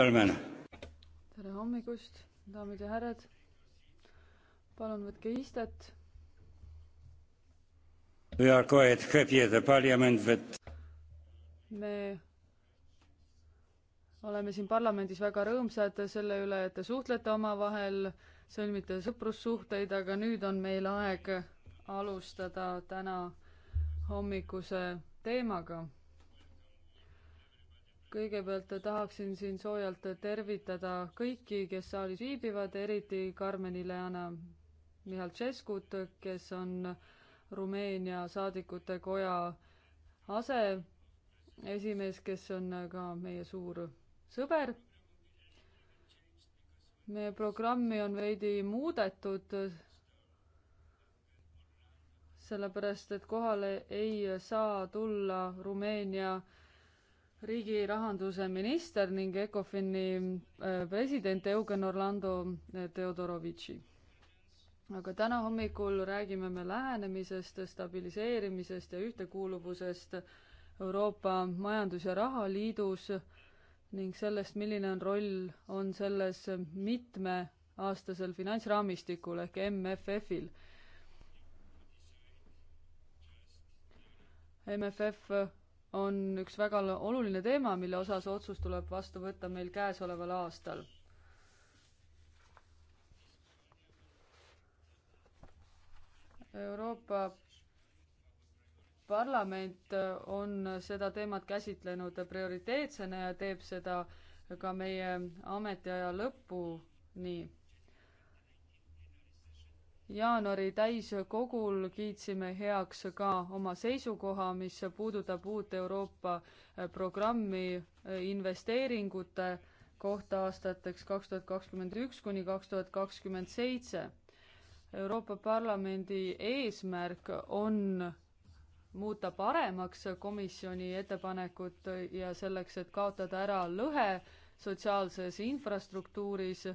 tere hommikust, daamid ja härrad. palun võtke istet. me oleme siin parlamendis väga rõõmsad selle üle, et te suhtlete omavahel, sõlmite sõprussuhteid, aga nüüd on meil aeg alustada täna hommikuse teemaga kõigepealt tahaksin siin soojalt tervitada kõiki, kes saalis viibivad, eriti Carmen Ileana Mihhaltšeskut, kes on Rumeenia Saadikute Koja aseesimees, kes on ka meie suur sõber. meie programmi on veidi muudetud, sellepärast et kohale ei saa tulla Rumeenia riigi rahanduse minister ning ECOFIN-i äh, president Eugen Orlando äh, Teodorovitši. aga täna hommikul räägime me lähenemisest, stabiliseerimisest ja ühtekuuluvusest Euroopa Majandus- ja Rahaliidus ning sellest, milline on roll, on selles mitmeaastasel finantsraamistikul ehk MFF-il. MFF on üks väga oluline teema, mille osas otsus tuleb vastu võtta meil käesoleval aastal. Euroopa Parlament on seda teemat käsitlenud prioriteetsena ja teeb seda ka meie ametiaja lõpuni jaanuari täiskogul kiitsime heaks ka oma seisukoha, mis puudutab uut Euroopa eh, programmi eh, investeeringute kohta aastateks kaks tuhat kakskümmend üks kuni kaks tuhat kakskümmend seitse. Euroopa Parlamendi eesmärk on muuta paremaks komisjoni ettepanekut ja selleks, et kaotada ära lõhe sotsiaalses infrastruktuuris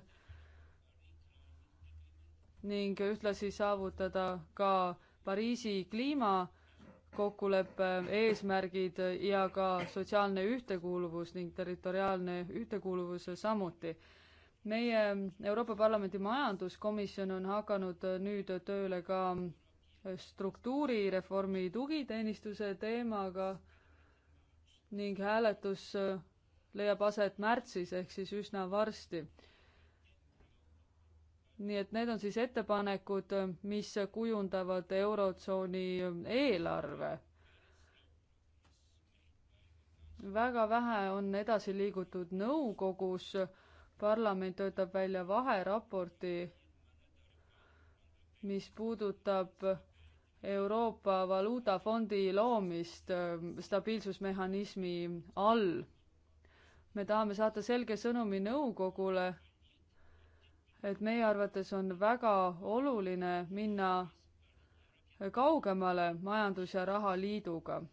ning ühtlasi saavutada ka Pariisi kliimakokkuleppe eesmärgid ja ka sotsiaalne ühtekuuluvus ning territoriaalne ühtekuuluvus samuti. meie Euroopa Parlamendi majanduskomisjon on hakanud nüüd tööle ka struktuurireformi tugiteenistuse teemaga ning hääletus leiab aset märtsis ehk siis üsna varsti nii et need on siis ettepanekud, mis kujundavad Eurotsooni eelarve. väga vähe on edasi liigutud nõukogus, parlament töötab välja vaheraporti, mis puudutab Euroopa Valuutafondi loomist ähm, stabiilsusmehhanismi all. me tahame saata selge sõnumi nõukogule et meie arvates on väga oluline minna kaugemale Majandus- ja Rahaliiduga.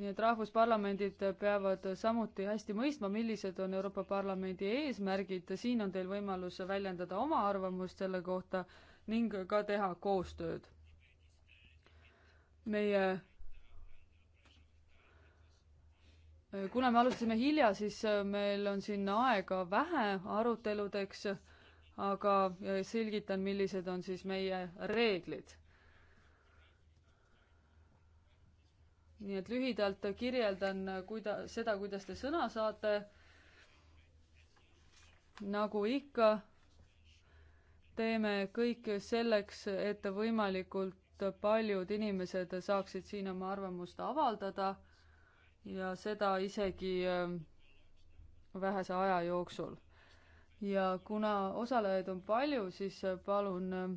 nii et rahvusparlamendid peavad samuti hästi mõistma, millised on Euroopa Parlamendi eesmärgid, siin on teil võimalus väljendada oma arvamust selle kohta ning ka teha koostööd. meie kuna me alustasime hilja, siis äh, meil on siin aega vähe aruteludeks, aga äh, selgitan, millised on siis meie reeglid. nii et lühidalt kirjeldan, äh, kuida-, seda, kuidas te sõna saate. nagu ikka, teeme kõik selleks, et võimalikult paljud inimesed saaksid siin oma arvamust avaldada ja seda isegi ähm, vähese aja jooksul. ja kuna osalejaid on palju, siis äh, palun ähm,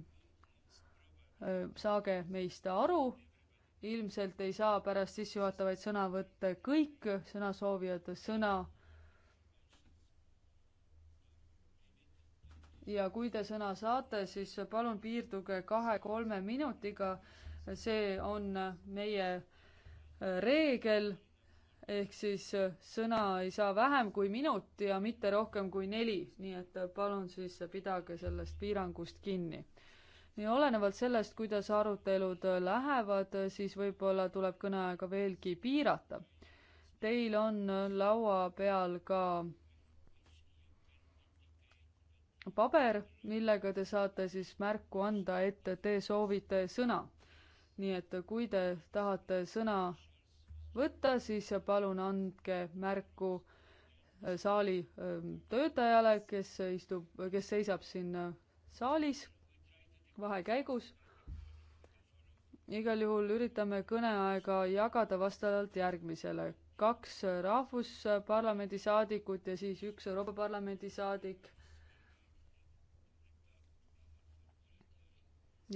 äh, saage meist aru, ilmselt ei saa pärast sissejuhatavaid sõnavõtte kõik sõnasoovijad sõna. ja kui te sõna saate, siis äh, palun piirduge kahe-kolme minutiga, see on meie reegel ehk siis äh, sõna ei saa vähem kui minut ja mitte rohkem kui neli, nii et äh, palun siis pidage sellest piirangust kinni. ja olenevalt sellest, kuidas arutelud äh, lähevad, siis võib-olla tuleb kõneaega veelgi piirata. Teil on laua peal ka paber, millega te saate siis märku anda, et te soovite sõna. nii et kui te tahate sõna võtta, siis palun andke märku äh, saali ähm, töötajale, kes istub, kes seisab siin äh, saalis vahekäigus. igal juhul üritame kõneaega jagada vastavalt järgmisele, kaks Rahvusparlamendi saadikut ja siis üks Euroopa Parlamendi saadik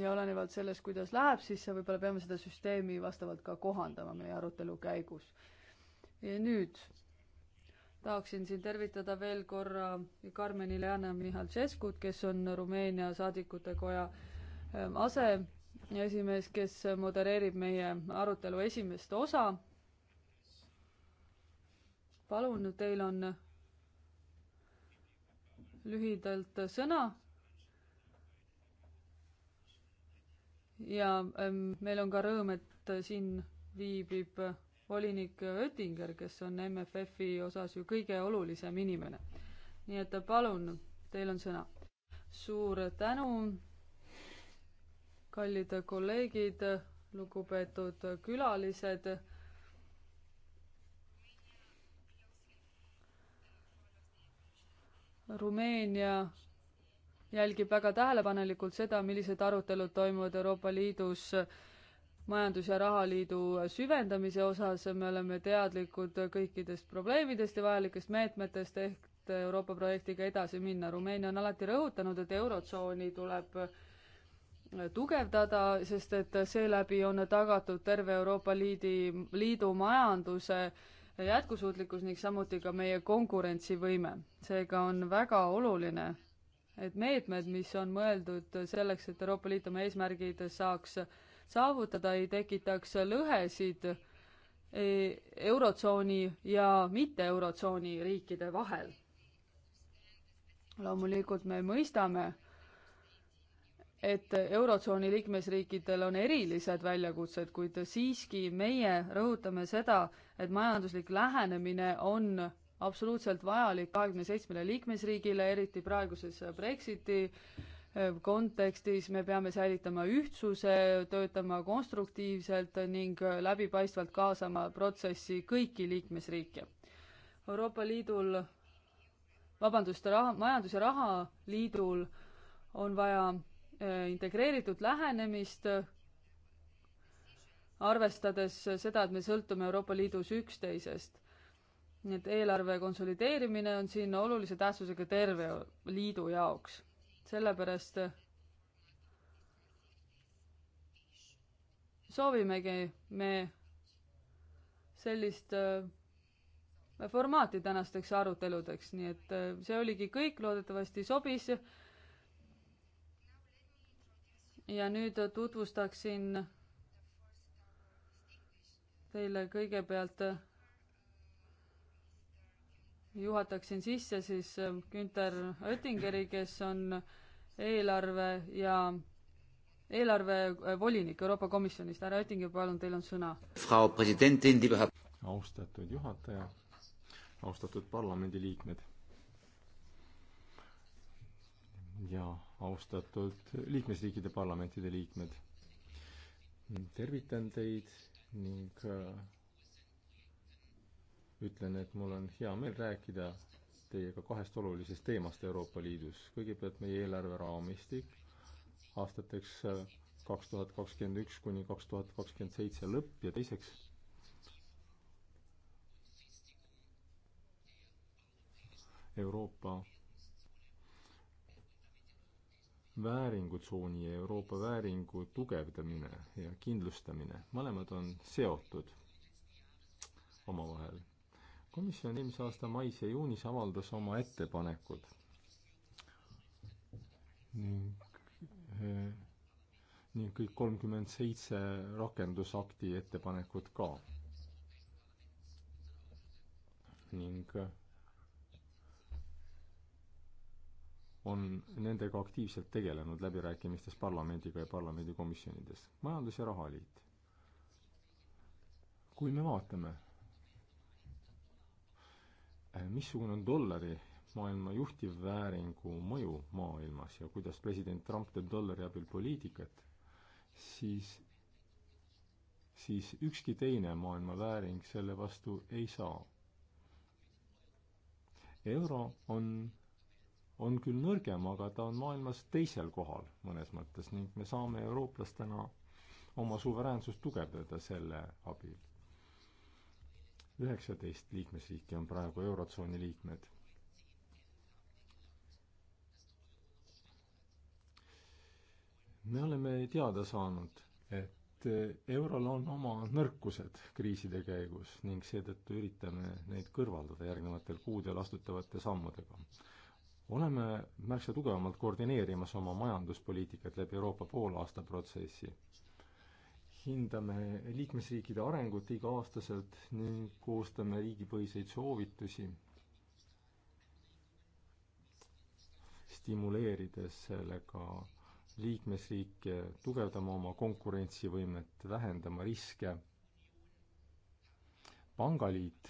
ja olenevalt sellest, kuidas läheb, siis võib-olla peame seda süsteemi vastavalt ka kohandama meie arutelu käigus. ja nüüd tahaksin siin tervitada veel korra Carmen Ileana Mihhaltšeskut, kes on Rumeenia saadikute koja ähm, aseesimees, kes modereerib meie arutelu esimest osa. palun, teil on lühidalt sõna ja ähm, meil on ka rõõm, et äh, siin viibib äh, volinik Oettinger, kes on MFF-i osas ju kõige olulisem inimene. nii et äh, palun, teil on sõna. suur tänu, kallid kolleegid, lugupeetud külalised. Rumeenia jälgib väga tähelepanelikult seda, millised arutelud toimuvad Euroopa Liidus majandus- ja rahaliidu süvendamise osas, me oleme teadlikud kõikidest probleemidest ja vajalikest meetmetest, ehk Euroopa projektiga edasi minna. Rumeenia on alati rõhutanud, et Eurotsooni tuleb tugevdada, sest et seeläbi on tagatud terve Euroopa Liidi, Liidu majanduse jätkusuutlikkus ning samuti ka meie konkurentsivõime. seega on väga oluline et meetmed, mis on mõeldud selleks, et Euroopa Liit oma eesmärgid saaks saavutada, ei tekitaks lõhesid e, Eurotsooni ja mitte Eurotsooni riikide vahel. loomulikult me mõistame, et Eurotsooni liikmesriikidel on erilised väljakutsed, kuid siiski meie rõhutame seda, et majanduslik lähenemine on absoluutselt vajalik kahekümne seitsmele liikmesriigile, eriti praeguses Brexiti eh, kontekstis me peame säilitama ühtsuse, töötama konstruktiivselt ning eh, läbipaistvalt kaasama protsessi kõiki liikmesriike. Euroopa Liidul, vabandust, raha, Majandus- ja Rahaliidul on vaja eh, integreeritud lähenemist, arvestades seda, et me sõltume Euroopa Liidus üksteisest nii et eelarve konsolideerimine on siin olulise tähtsusega terve liidu jaoks. sellepärast soovimegi me sellist äh, formaati tänasteks aruteludeks, nii et äh, see oligi kõik, loodetavasti sobis. ja nüüd tutvustaksin teile kõigepealt äh, juhataksin sisse siis ähm, Günter Oettingeri, kes on eelarve ja eelarvevolinik äh, Euroopa Komisjonist. härra Oettinger, palun, teil on sõna. austatud juhataja, austatud parlamendiliikmed ja austatud liikmesriikide parlamentide liikmed. tervitan teid ning äh, ütlen, et mul on hea meel rääkida teiega kahest olulisest teemast Euroopa Liidus. kõigepealt meie eelarveraamistik aastateks äh, kaks tuhat kakskümmend üks kuni kaks tuhat kakskümmend seitse lõpp ja teiseks Euroopa vääringutsooni ja Euroopa vääringu tugevdamine ja kindlustamine, mõlemad on seotud omavahel komisjon eelmise aasta mais ja juunis avaldas oma ettepanekud ning eh, ning kõik kolmkümmend seitse rakendusakti ettepanekut ka. ning eh, on nendega aktiivselt tegelenud läbirääkimistes parlamendiga ja parlamendikomisjonides. majandus- ja rahaliit. kui me vaatame Äh, missugune on dollari maailma juhtivvääringu mõju maailmas ja kuidas president Trump teeb dollari abil poliitikat, siis, siis ükski teine maailma vääring selle vastu ei saa. euro on, on küll nõrgem, aga ta on maailmas teisel kohal mõnes mõttes ning me saame eurooplastena oma suveräänsust tugevdada selle abil üheksateist liikmesriiki on praegu Eurotsooni liikmed. me oleme teada saanud, et eurol on oma nõrkused kriiside käigus ning seetõttu üritame neid kõrvaldada järgnevatel kuudel astutavate sammudega. oleme märksa tugevamalt koordineerimas oma majanduspoliitikat läbi Euroopa poolaasta protsessi hindame liikmesriikide arengut iga-aastaselt ning koostame riigipõhiseid soovitusi, stimuleerides sellega liikmesriike tugevdama oma konkurentsivõimet, vähendama riske. pangaliit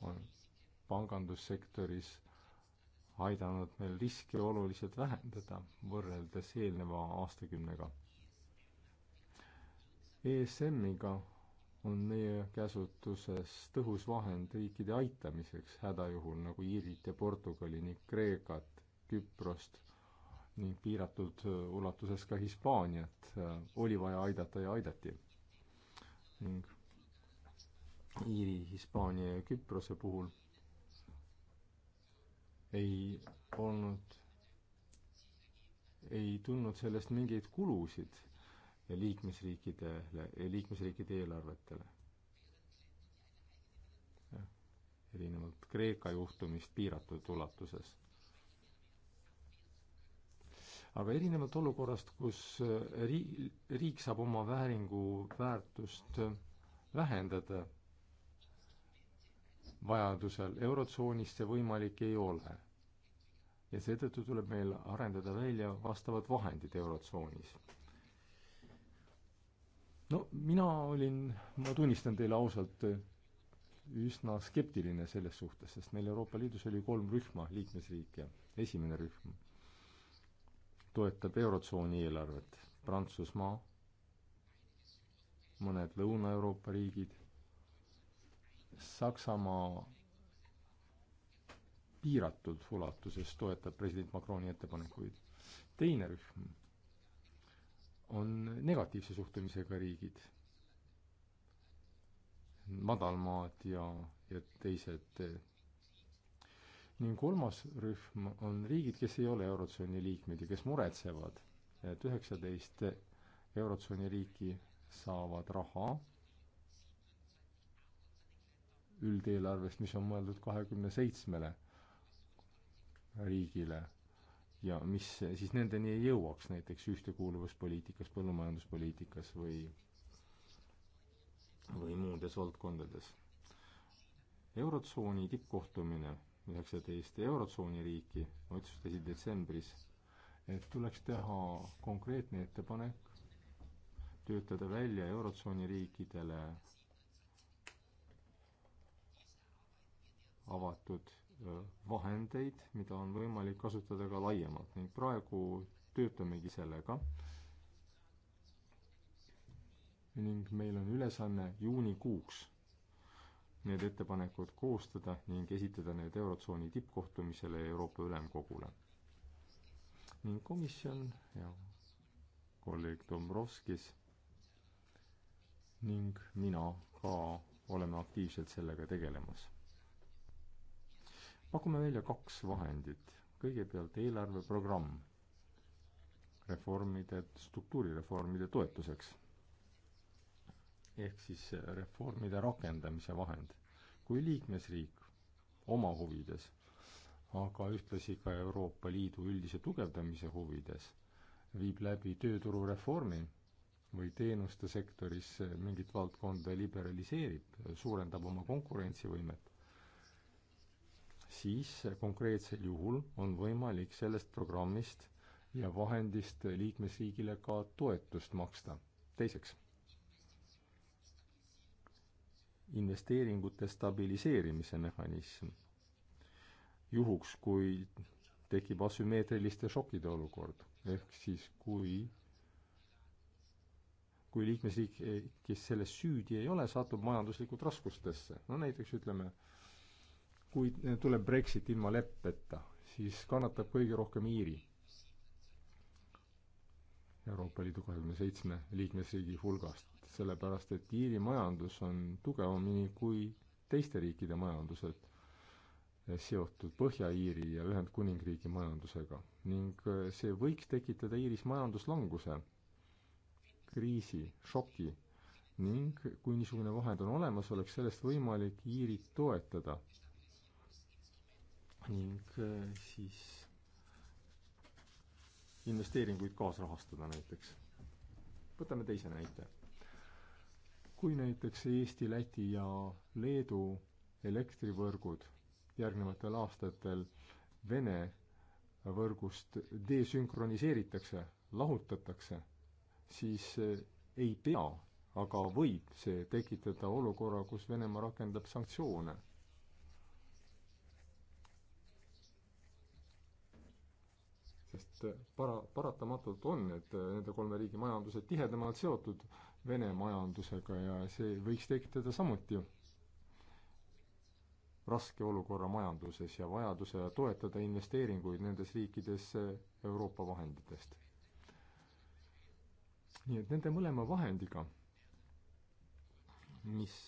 on pangandussektoris aidanud meil riske oluliselt vähendada võrreldes eelneva aastakümnega ESM-iga on meie käsutuses tõhus vahend riikide aitamiseks hädajuhul, nagu Iirit ja Portugali ning Kreekat, Küprost ning piiratud äh, ulatuses ka Hispaaniat äh, oli vaja aidata ja aidati. ning Iiri, Hispaania ja Küprose puhul ei olnud, ei tulnud sellest mingeid kulusid ja liikmesriikidele, liikmesriikide eelarvetele. erinevalt Kreeka juhtumist piiratud ulatuses. aga erinevalt olukorrast, kus ri-, riik saab oma vääringu väärtust vähendada vajadusel, Eurotsoonis see võimalik ei ole. ja seetõttu tuleb meil arendada välja vastavad vahendid Eurotsoonis no mina olin, ma tunnistan teile ausalt, üsna skeptiline selles suhtes, sest meil Euroopa Liidus oli kolm rühma liikmesriike. esimene rühm toetab Eurotsooni eelarvet, Prantsusmaa, mõned Lõuna-Euroopa riigid, Saksamaa piiratud ulatuses toetab president Macroni ettepanekuid. teine rühm on negatiivse suhtumisega riigid, madalmaad ja, ja teised. ning kolmas rühm on riigid, kes ei ole Eurotsooni liikmed ja kes muretsevad, et üheksateist Eurotsooni riiki saavad raha üldeelarvest, mis on mõeldud kahekümne seitsmele riigile ja mis siis nendeni ei jõuaks, näiteks ühtekuuluvuspoliitikas, põllumajanduspoliitikas või, või muudes valdkondades. eurotsooni tippkohtumine, üheksateist eurotsooni riiki otsustasid detsembris, et tuleks teha konkreetne ettepanek töötada välja eurotsooni riikidele avatud Äh, vahendeid, mida on võimalik kasutada ka laiemalt ning praegu töötamegi sellega. ning meil on ülesanne juunikuuks need ettepanekud koostada ning esitada need Eurotsooni tippkohtumisele ja Euroopa Ülemkogule. ning komisjon ja kolleeg Dombrovskis ning mina ka oleme aktiivselt sellega tegelemas pakume välja kaks vahendit. kõigepealt eelarveprogramm reformide, struktuurireformide toetuseks. ehk siis reformide rakendamise vahend. kui liikmesriik oma huvides, aga ühtlasi ka Euroopa Liidu üldise tugevdamise huvides viib läbi tööturureformi või teenuste sektoris mingit valdkonda liberaliseerib, suurendab oma konkurentsivõimet, siis konkreetsel juhul on võimalik sellest programmist ja vahendist liikmesriigile ka toetust maksta. teiseks, investeeringute stabiliseerimise mehhanism. juhuks, kui tekib asümmeetriliste šokkide olukord, ehk siis kui kui liikmesriik, kes selles süüdi ei ole, satub majanduslikult raskustesse, no näiteks ütleme äh, kui tuleb Brexit ilma leppeta, siis kannatab kõige rohkem Iiri. Euroopa Liidu kahekümne seitsme liikmesriigi hulgast, sellepärast et Iiri majandus on tugevamini kui teiste riikide majandused eh, seotud Põhja-Iiri ja Ühendkuningriigi majandusega ning eh, see võiks tekitada Iiris majanduslanguse, kriisi, šoki ning kui niisugune vahend on olemas, oleks sellest võimalik Iirit toetada ning äh, siis investeeringuid kaasrahastada näiteks. võtame teise näite. kui näiteks Eesti, Läti ja Leedu elektrivõrgud järgnevatel aastatel Vene võrgust desünkroniseeritakse, lahutatakse, siis äh, ei pea, aga võib see tekitada olukorra, kus Venemaa rakendab sanktsioone sest para-, paratamatult on need, nende kolme riigi majandused tihedamalt seotud Vene majandusega ja see võiks tekitada samuti raske olukorra majanduses ja vajaduse toetada investeeringuid nendes riikides Euroopa vahenditest. nii et nende mõlema vahendiga, mis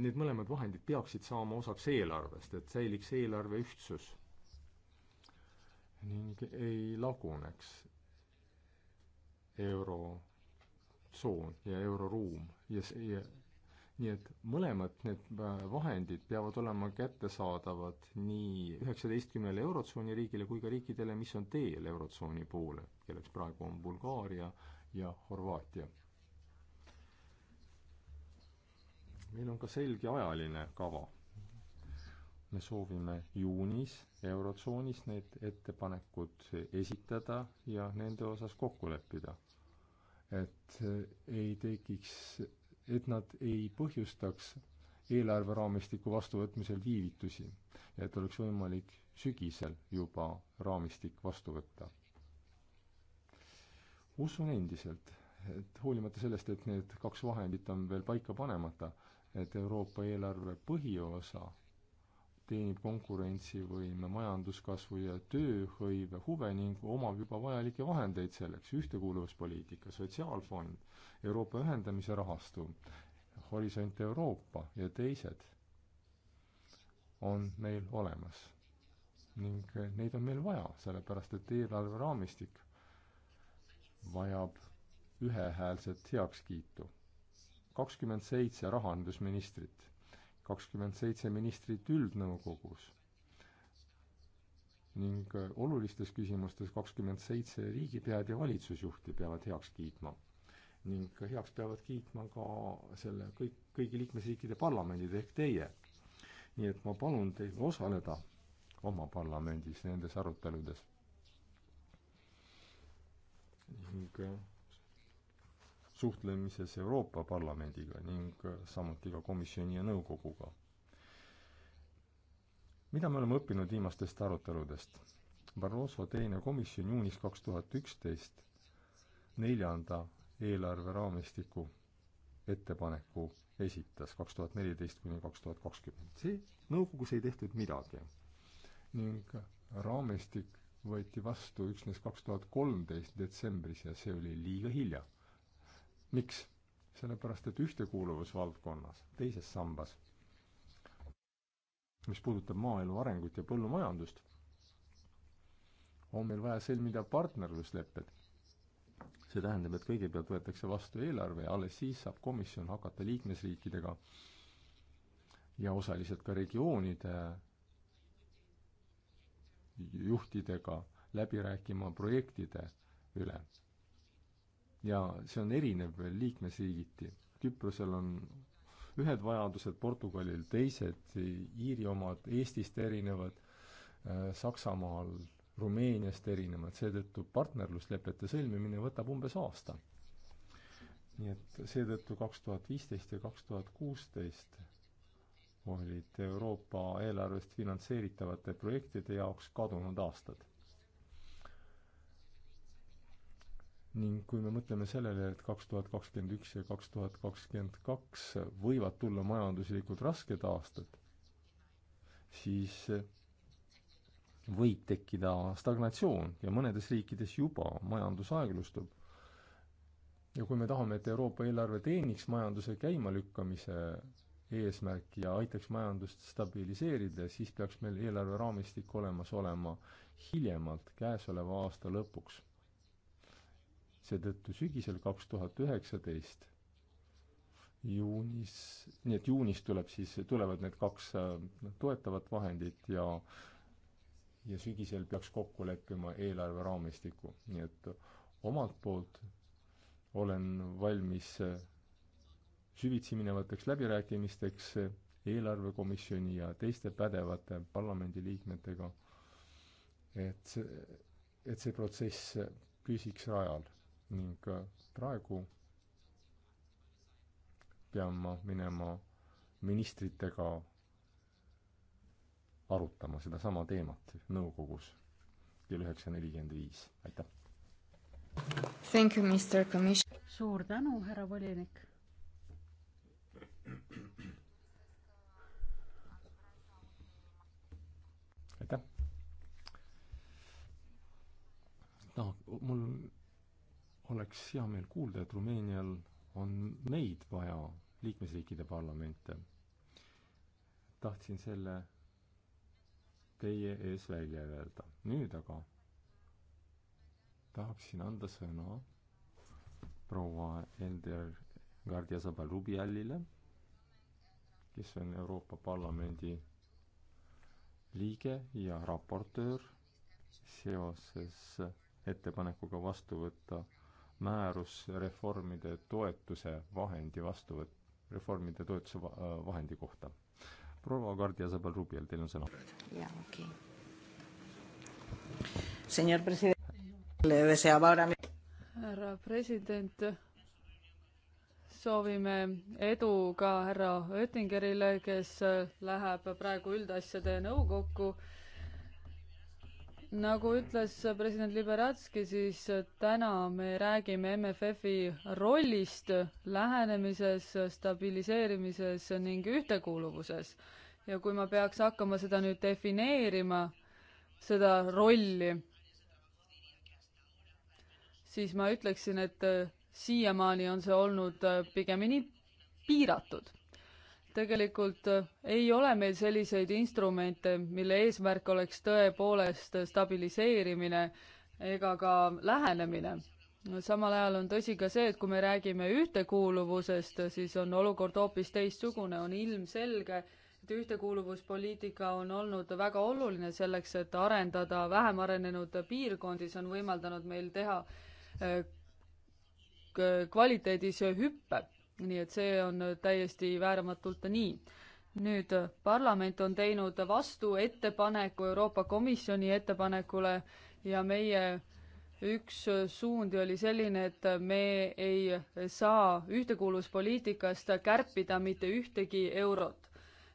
need mõlemad vahendid peaksid saama osaks eelarvest, et säiliks eelarve ühtsus ning ei laguneks eurotsoon ja euroruum ja see, nii et mõlemad need vahendid peavad olema kättesaadavad nii üheksateistkümnele eurotsooni riigile kui ka riikidele, mis on teel eurotsooni poole, kelleks praegu on Bulgaaria ja Horvaatia. meil on ka selge ajaline kava me soovime juunis Eurotsoonis need ettepanekud esitada ja nende osas kokku leppida. et ei tekiks, et nad ei põhjustaks eelarveraamistiku vastuvõtmisel viivitusi ja et oleks võimalik sügisel juba raamistik vastu võtta. usun endiselt, et hoolimata sellest, et need kaks vahendit on veel paika panemata, et Euroopa eelarve põhiosa teenib konkurentsivõime, majanduskasvu ja tööhõive huve ning omab juba vajalikke vahendeid selleks, ühtekuuluvuspoliitika, sotsiaalfond, Euroopa ühendamise rahastu, Horisont Euroopa ja teised on meil olemas. ning neid on meil vaja, sellepärast et eelarveraamistik vajab ühehäälset heakskiitu. kakskümmend seitse rahandusministrit kakskümmend seitse ministrit üldnõukogus ning äh, olulistes küsimustes kakskümmend seitse riigipead ja valitsusjuhti peavad heaks kiitma. ning äh, heaks peavad kiitma ka selle kõik, kõigi liikmesriikide parlamendid ehk teie. nii et ma palun teil osaleda oma parlamendis nendes aruteludes. ning äh, suhtlemises Euroopa Parlamendiga ning äh, samuti ka komisjoni ja nõukoguga. mida me oleme õppinud viimastest aruteludest? Barroso teine komisjon juunis kaks tuhat üksteist neljanda eelarveraamistiku ettepaneku esitas kaks tuhat neliteist kuni kaks tuhat kakskümmend. see, nõukogus ei tehtud midagi. ning raamistik võeti vastu üksnes kaks tuhat kolmteist detsembris ja see oli liiga hilja miks? sellepärast, et ühtekuuluvusvaldkonnas, teises sambas, mis puudutab maaelu arengut ja põllumajandust, on meil vaja sõlmida partnerluslepped. see tähendab, et kõigepealt võetakse vastu eelarve ja alles siis saab komisjon hakata liikmesriikidega ja osaliselt ka regioonide juhtidega läbi rääkima projektide üle ja see on erinev veel liikmesriigiti. Küprosel on ühed vajadused, Portugalil teised, Iiri omad Eestist erinevad, äh, Saksamaal, Rumeeniast erinevad, seetõttu partnerluslepete sõlmimine võtab umbes aasta. nii et seetõttu kaks tuhat viisteist ja kaks tuhat kuusteist olid Euroopa eelarvest finantseeritavate projektide jaoks kadunud aastad ning kui me mõtleme sellele, et kaks tuhat kakskümmend üks ja kaks tuhat kakskümmend kaks võivad tulla majanduslikult rasked aastad, siis võib tekkida stagnatsioon ja mõnedes riikides juba majandus aeglustub. ja kui me tahame, et Euroopa eelarve teeniks majanduse käimalükkamise eesmärki ja aitaks majandust stabiliseerida, siis peaks meil eelarveraamistik olemas olema hiljemalt käesoleva aasta lõpuks seetõttu sügisel kaks tuhat üheksateist juunis, nii et juunis tuleb siis, tulevad need kaks äh, toetavat vahendit ja ja sügisel peaks kokku leppima eelarve raamistiku, nii et omalt poolt olen valmis äh, süvitsi minevateks läbirääkimisteks eelarvekomisjoni ja teiste pädevate parlamendiliikmetega, et, et see protsess püsiks rajal ning äh, praegu pean ma minema ministritega arutama sedasama teemat nõukogus kell üheksa nelikümmend viis, aitäh! Thank you, Mr Commission. suur tänu, härra volinik. aitäh. noh, mul oleks hea meel kuulda, et Rumeenial on meid vaja, liikmesriikide parlamente. tahtsin selle teie ees välja öelda. nüüd aga tahaksin anda sõna proua Ender Gardiasabal Rubialile, kes on Euroopa Parlamendi liige ja raportöör seoses ettepanekuga vastu võtta määrus reformide toetuse vahendi vastuvõtt, reformide toetuse va-, äh, vahendi kohta. proua Gardia Zabel-Rubiel, teil on sõna. jaa, okei okay.. Señor presidente, le deseaba ahora härra president, soovime edu ka härra Oettingerile, kes läheb praegu üldasjade nõukokku nagu ütles president Liberatski, siis täna me räägime MFF-i rollist lähenemises, stabiliseerimises ning ühtekuuluvuses. ja kui ma peaks hakkama seda nüüd defineerima, seda rolli, siis ma ütleksin, et siiamaani on see olnud pigemini piiratud tegelikult äh, ei ole meil selliseid instrumente, mille eesmärk oleks tõepoolest stabiliseerimine ega ka lähenemine. samal ajal on tõsi ka see, et kui me räägime ühtekuuluvusest, siis on olukord hoopis teistsugune, on ilmselge, et ühtekuuluvuspoliitika on olnud väga oluline selleks, et arendada vähem arenenud piirkondi, see on võimaldanud meil teha äh, kvaliteedis hüppe nii et see on täiesti vääramatult nii. nüüd parlament on teinud vastuettepaneku Euroopa Komisjoni ettepanekule ja meie üks suundi oli selline, et me ei saa ühtekuuluvuspoliitikast kärpida mitte ühtegi eurot.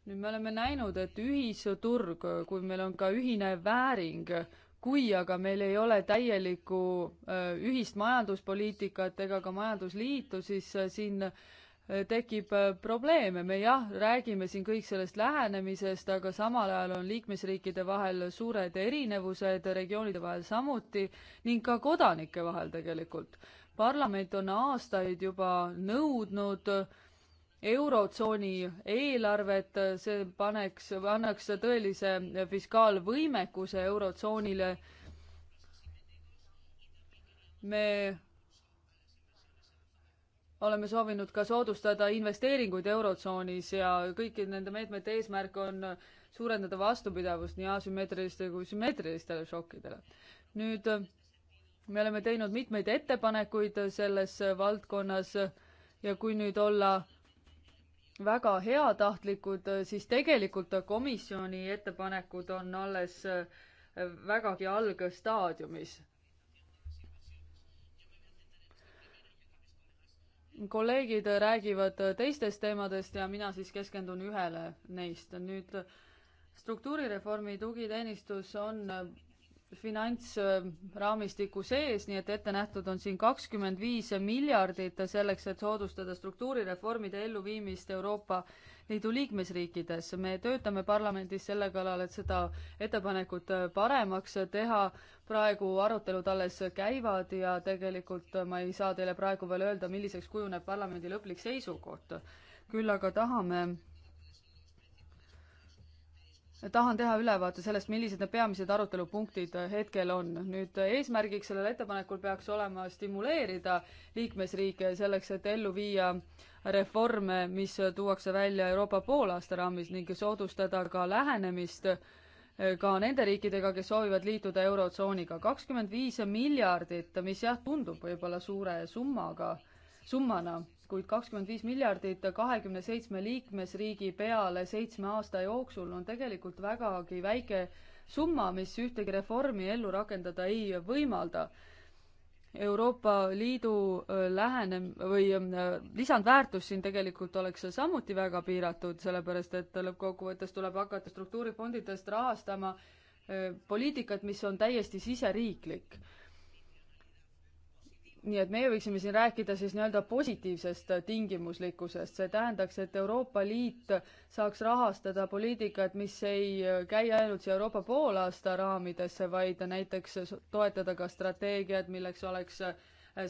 nüüd me oleme näinud, et ühisturg, kui meil on ka ühine vääring, kui aga meil ei ole täielikku äh, ühist majanduspoliitikat ega ka majandusliitu, siis äh, siin äh, tekib probleeme, me jah, räägime siin kõik sellest lähenemisest, aga samal ajal on liikmesriikide vahel suured erinevused, regioonide vahel samuti ning ka kodanike vahel tegelikult. parlament on aastaid juba nõudnud äh, eurotsooni eelarvet, see paneks, annaks tõelise fiskaalvõimekuse eurotsoonile. me oleme soovinud ka soodustada investeeringuid Eurotsoonis ja kõikide nende meetmete eesmärk on suurendada vastupidavust nii asümmeetriliste kui sümmeetrilistele šokkidele. nüüd me oleme teinud mitmeid ettepanekuid selles valdkonnas ja kui nüüd olla väga heatahtlikud, siis tegelikult komisjoni ettepanekud on alles äh, vägagi algstaadiumis kolleegid räägivad teistest teemadest ja mina siis keskendun ühele neist. nüüd struktuurireformi tugiteenistus on finantsraamistiku sees, nii et ette nähtud on siin kakskümmend viis miljardit selleks, et soodustada struktuurireformide elluviimist Euroopa Liidu liikmesriikides. me töötame parlamendis selle kallal, et seda ettepanekut paremaks teha. praegu arutelud alles käivad ja tegelikult ma ei saa teile praegu veel öelda, milliseks kujuneb parlamendi lõplik seisukoht. küll aga tahame tahan teha ülevaate sellest, millised need peamised arutelupunktid hetkel on. nüüd eesmärgiks sellel ettepanekul peaks olema stimuleerida liikmesriike selleks, et ellu viia reforme, mis tuuakse välja Euroopa poolaasta raamis ning soodustada ka lähenemist eh, ka nende riikidega, kes soovivad liituda Eurotsooniga. kakskümmend viis miljardit, mis jah, tundub võib-olla suure summaga, summana kuid kakskümmend viis miljardit kahekümne seitsme liikmesriigi peale seitsme aasta jooksul on tegelikult vägagi väike summa, mis ühtegi reformi ellu rakendada ei võimalda. Euroopa Liidu äh, lähenem- või äh, lisandväärtus siin tegelikult oleks samuti väga piiratud, sellepärast et lõppkokkuvõttes tuleb hakata struktuurifondidest rahastama äh, poliitikat, mis on täiesti siseriiklik nii et meie võiksime siin rääkida siis nii-öelda positiivsest tingimuslikkusest, see tähendaks, et Euroopa Liit saaks rahastada poliitikat, mis ei käi ainult siia Euroopa poolaasta raamidesse, vaid näiteks toetada ka strateegiat, milleks oleks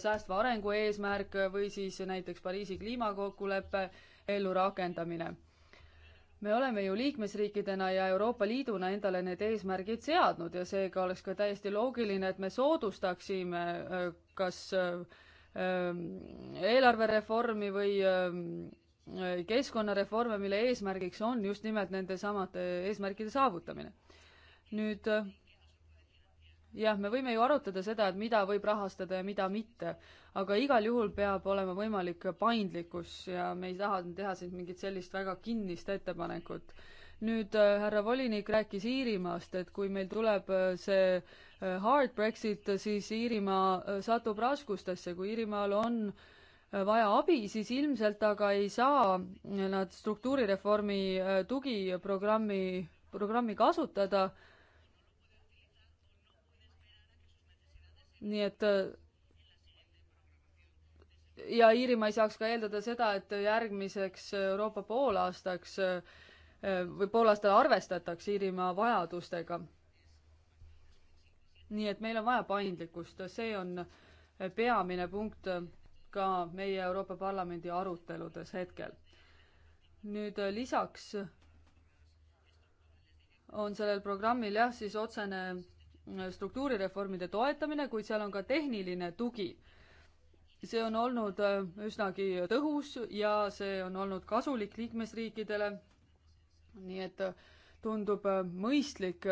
säästva arengu eesmärk või siis näiteks Pariisi kliimakokkuleppe ellurakendamine me oleme ju liikmesriikidena ja Euroopa Liiduna endale need eesmärgid seadnud ja seega oleks ka täiesti loogiline, et me soodustaksime äh, kas äh, eelarvereformi või äh, keskkonnareforme, mille eesmärgiks on just nimelt nendesamade eesmärkide saavutamine. nüüd jah, me võime ju arutada seda, et mida võib rahastada ja mida mitte, aga igal juhul peab olema võimalik paindlikkus ja me ei taha teha siin mingit sellist väga kinnist ettepanekut. nüüd äh, härra volinik rääkis Iirimaast, et kui meil tuleb äh, see äh, hard Brexit, siis Iirimaa satub raskustesse, kui Iirimaal on vaja abi, siis ilmselt aga ei saa nad struktuurireformi tugiprogrammi, programmi kasutada nii et äh, ja Iirimaa ei saaks ka eeldada seda, et järgmiseks äh, Euroopa poolaastaks äh, või poolaastal arvestatakse Iirimaa vajadustega. nii et meil on vaja paindlikkust, see on peamine punkt ka meie Euroopa Parlamendi aruteludes hetkel. nüüd lisaks on sellel programmil jah, siis otsene struktuurireformide toetamine, kuid seal on ka tehniline tugi. see on olnud äh, üsnagi tõhus ja see on olnud kasulik liikmesriikidele. nii et äh, tundub äh, mõistlik,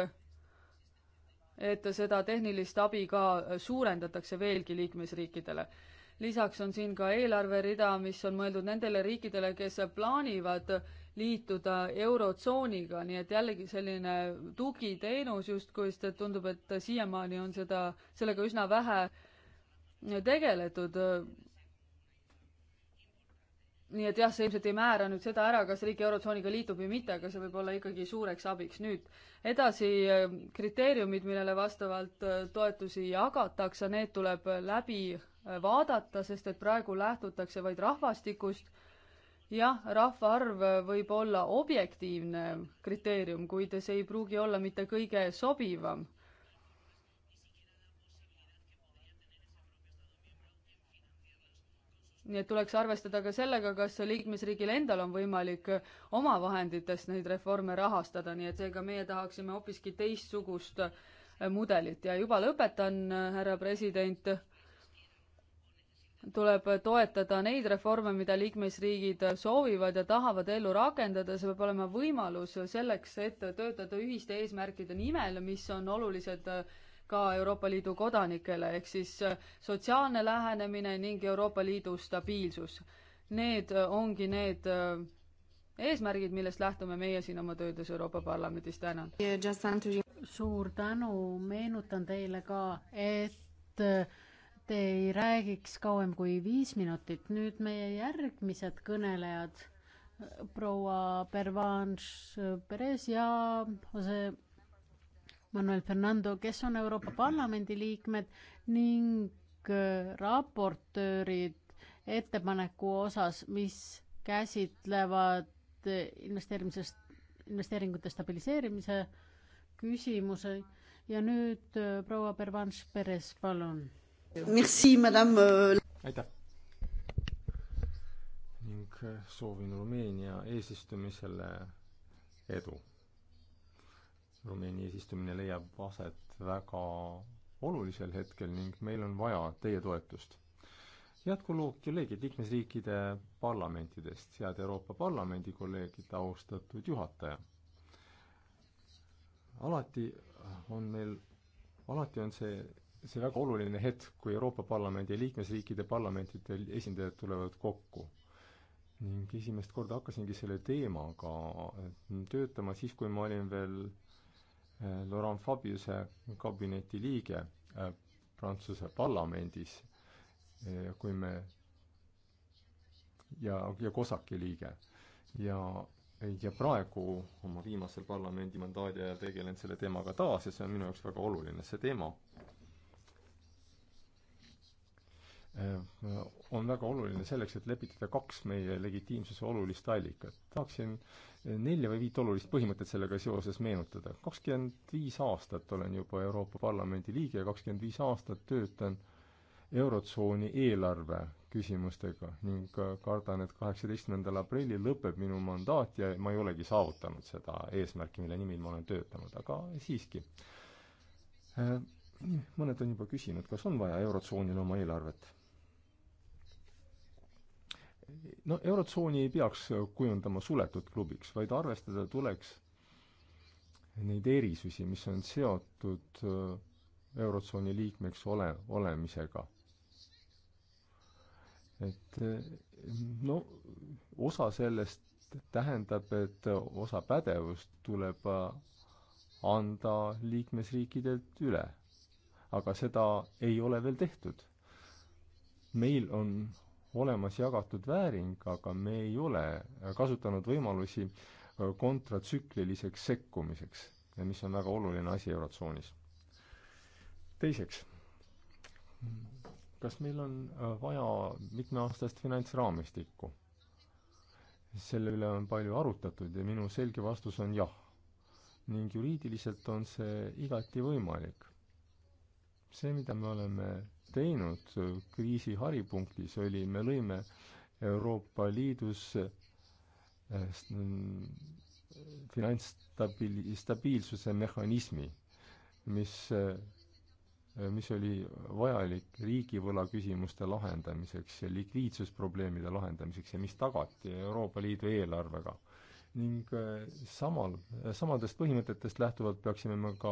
et seda tehnilist abi ka suurendatakse veelgi liikmesriikidele lisaks on siin ka eelarverida, mis on mõeldud nendele riikidele, kes plaanivad liituda Eurotsooniga, nii et jällegi selline tugiteenus justkui, sest et tundub, et siiamaani on seda, sellega üsna vähe tegeletud. nii et jah, see ilmselt ei määra nüüd seda ära, kas riik Eurotsooniga liitub või mitte, aga see võib olla ikkagi suureks abiks. nüüd edasi kriteeriumid, millele vastavalt äh, toetusi jagatakse, need tuleb läbi äh, vaadata, sest et praegu lähtutakse vaid rahvastikust jah, rahvaarv võib olla objektiivne kriteerium, kuid see ei pruugi olla mitte kõige sobivam. nii et tuleks arvestada ka sellega, kas liikmesriigil endal on võimalik oma vahenditest neid reforme rahastada, nii et seega meie tahaksime hoopiski teistsugust mudelit ja juba lõpetan, härra president tuleb toetada neid reforme, mida liikmesriigid soovivad ja tahavad ellu rakendada, see peab olema võimalus selleks, et töötada ühiste eesmärkide nimel, mis on olulised ka Euroopa Liidu kodanikele, ehk siis sotsiaalne lähenemine ning Euroopa Liidu stabiilsus. Need ongi need äh, eesmärgid, millest lähtume meie siin oma töödes Euroopa Parlamendis, tänan. suur tänu, meenutan teile ka, et äh, te ei räägiks kauem kui viis minutit. nüüd meie järgmised kõnelejad, proua Pervanche Perez ja Jose Manuel Fernando, kes on Euroopa Parlamendi liikmed ning äh, raportöörid ettepaneku osas, mis käsitlevad investeerimisest, investeeringute stabiliseerimise küsimusi ja nüüd äh, proua Pervanš Peres, palun Euh, aitäh! ning äh, soovin Rumeenia eesistumisele edu. Rumeenia eesistumine leiab aset väga olulisel hetkel ning meil on vaja teie toetust. head kolleegid liikmesriikide parlamentidest, head Euroopa Parlamendi kolleegid, austatud juhataja. alati on meil, alati on see see väga oluline hetk, kui Euroopa Parlamendi ja liikmesriikide parlamentide esindajad tulevad kokku. ning esimest korda hakkasingi selle teemaga töötama siis, kui ma olin veel äh, Laurent Fabiuse kabineti liige äh, Prantsuse parlamendis, kui me ja, ja COSAC-i liige. ja, ja praegu oma viimasel parlamendi mandaadi ajal tegelen selle teemaga taas ja see on minu jaoks väga oluline, see teema Äh, on väga oluline selleks, et lepitada kaks meie legitiimsuse olulist allikat. tahaksin äh, nelja või viit olulist põhimõtet sellega seoses meenutada. kakskümmend viis aastat olen juba Euroopa Parlamendi liige ja kakskümmend viis aastat töötan Eurotsooni eelarve küsimustega ning kardan, et kaheksateistkümnendal aprillil lõpeb minu mandaat ja ma ei olegi saavutanud seda eesmärki, mille nimel ma olen töötanud, aga siiski äh, mõned on juba küsinud, kas on vaja Eurotsoonil oma eelarvet no Eurotsooni ei peaks kujundama suletud klubiks, vaid arvestada tuleks neid erisusi, mis on seotud äh, Eurotsooni liikmeks ole, olemisega. et äh, no osa sellest tähendab, et osa pädevust tuleb äh, anda liikmesriikidelt üle. aga seda ei ole veel tehtud. meil on olemas jagatud vääring, aga me ei ole kasutanud võimalusi äh, kontratsükliliseks sekkumiseks, mis on väga oluline asi Eurotsoonis. teiseks, kas meil on äh, vaja mitmeaastast finantsraamistikku? selle üle on palju arutatud ja minu selge vastus on jah. ning juriidiliselt on see igati võimalik. see, mida me oleme teinud kriisi haripunktis, oli, me lõime Euroopa Liidus eh, finantsstabiil-, stabiilsuse mehhanismi, mis, eh, mis oli vajalik riigivõla küsimuste lahendamiseks ja likviidsusprobleemide lahendamiseks ja mis tagati Euroopa Liidu eelarvega ning äh, samal, samadest põhimõtetest lähtuvalt peaksime me ka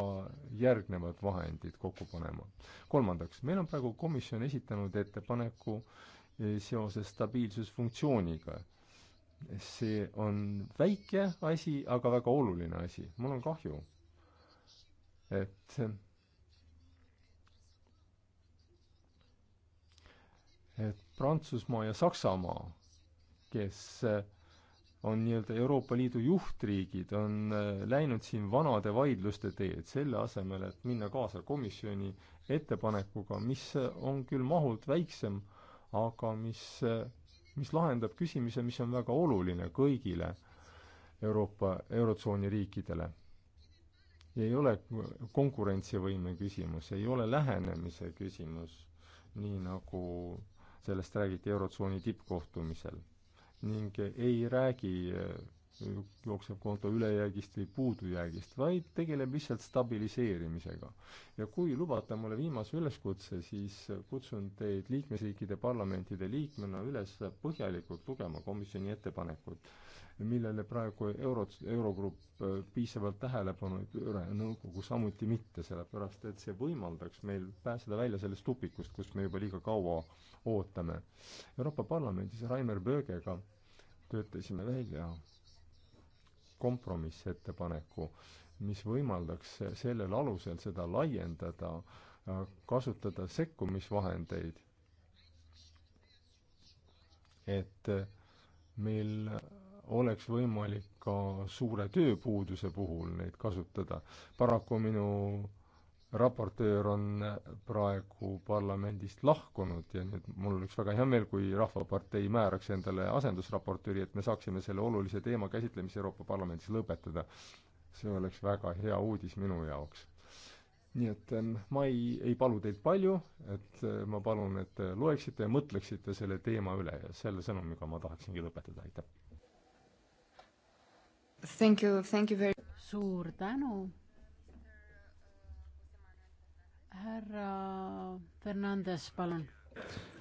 järgnevad vahendid kokku panema. kolmandaks, meil on praegu komisjon esitanud ettepaneku äh, seoses stabiilsusfunktsiooniga. see on väike asi, aga väga oluline asi. mul on kahju, et et Prantsusmaa ja Saksamaa, kes äh, on nii-öelda Euroopa Liidu juhtriigid, on äh, läinud siin vanade vaidluste teed, selle asemel, et minna kaasa komisjoni ettepanekuga, mis äh, on küll mahult väiksem, aga mis, äh, mis lahendab küsimuse, mis on väga oluline kõigile Euroopa, Eurotsooni riikidele. ei ole konkurentsivõime küsimus, ei ole lähenemise küsimus, nii nagu sellest räägiti Eurotsooni tippkohtumisel ning ei räägi eh, jooksevkonto ülejäägist või puudujäägist, vaid tegeleb lihtsalt stabiliseerimisega. ja kui lubate mulle viimase üleskutse, siis kutsun teid liikmesriikide parlamentide liikmena üles põhjalikult lugema komisjoni ettepanekut millele praegu Eurot-, Eurogrupp äh, piisavalt tähelepanu ei pööra ja nõukogu samuti mitte, sellepärast et see võimaldaks meil pääseda välja sellest tupikust, kus me juba liiga kaua ootame. Euroopa Parlamendis Raimar Böögega töötasime välja kompromissettepaneku, mis võimaldaks sellel alusel seda laiendada, äh, kasutada sekkumisvahendeid, et äh, meil oleks võimalik ka suure tööpuuduse puhul neid kasutada. paraku minu raportöör on praegu parlamendist lahkunud ja nüüd mul oleks väga hea meel, kui Rahvapartei määraks endale asendusraportööri, et me saaksime selle olulise teema käsitlemise Euroopa Parlamendis lõpetada. see oleks väga hea uudis minu jaoks. nii et ähm, ma ei, ei palu teilt palju, et äh, ma palun, et te loeksite ja mõtleksite selle teema üle ja selle sõnumiga ma tahaksingi lõpetada, aitäh! Thank you, thank you very suur tänu. härra Fernandes, palun.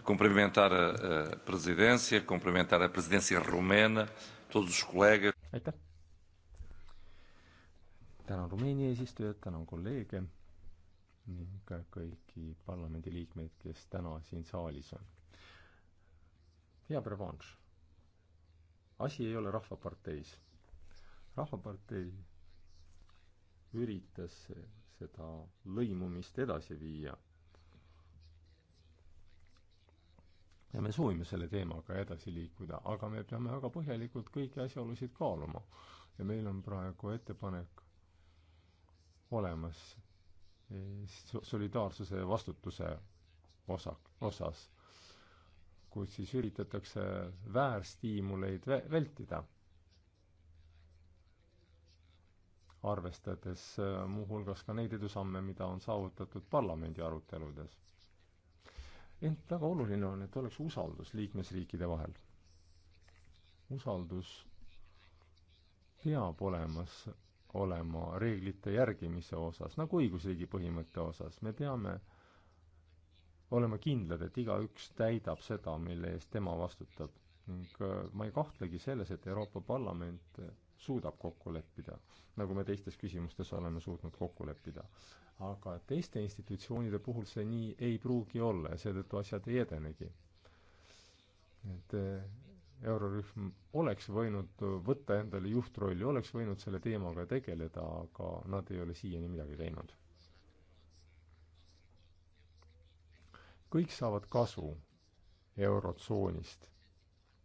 Cumprimentar a presidência, cumprimentar a presidência rumena, todos os colegas. aitäh. tänan Rumeenia eesistujat, tänan kolleege ning kõiki parlamendiliikmeid, kes täna siin saalis on. hea revanš. asi ei ole Rahvaparteis rahvapartei üritas seda lõimumist edasi viia. ja me soovime selle teemaga edasi liikuda, aga me peame väga põhjalikult kõiki asjaolusid kaaluma. ja meil on praegu ettepanek olemas eh, solidaarsuse ja vastutuse osa, osas, kus siis üritatakse väärstiimuleid vältida arvestades äh, muuhulgas ka neid edusamme, mida on saavutatud parlamendi aruteludes. ent väga oluline on, et oleks usaldus liikmesriikide vahel. usaldus peab olemas olema reeglite järgimise osas, nagu õigusriigi põhimõtte osas, me peame olema kindlad, et igaüks täidab seda, mille eest tema vastutab. ning äh, ma ei kahtlegi selles, et Euroopa Parlament suudab kokku leppida, nagu me teistes küsimustes oleme suutnud kokku leppida. aga teiste institutsioonide puhul see nii ei pruugi olla ja seetõttu asjad ei edenegi. et eh, eurorühm oleks võinud võtta endale juhtrolli, oleks võinud selle teemaga tegeleda, aga nad ei ole siiani midagi teinud. kõik saavad kasu eurotsoonist,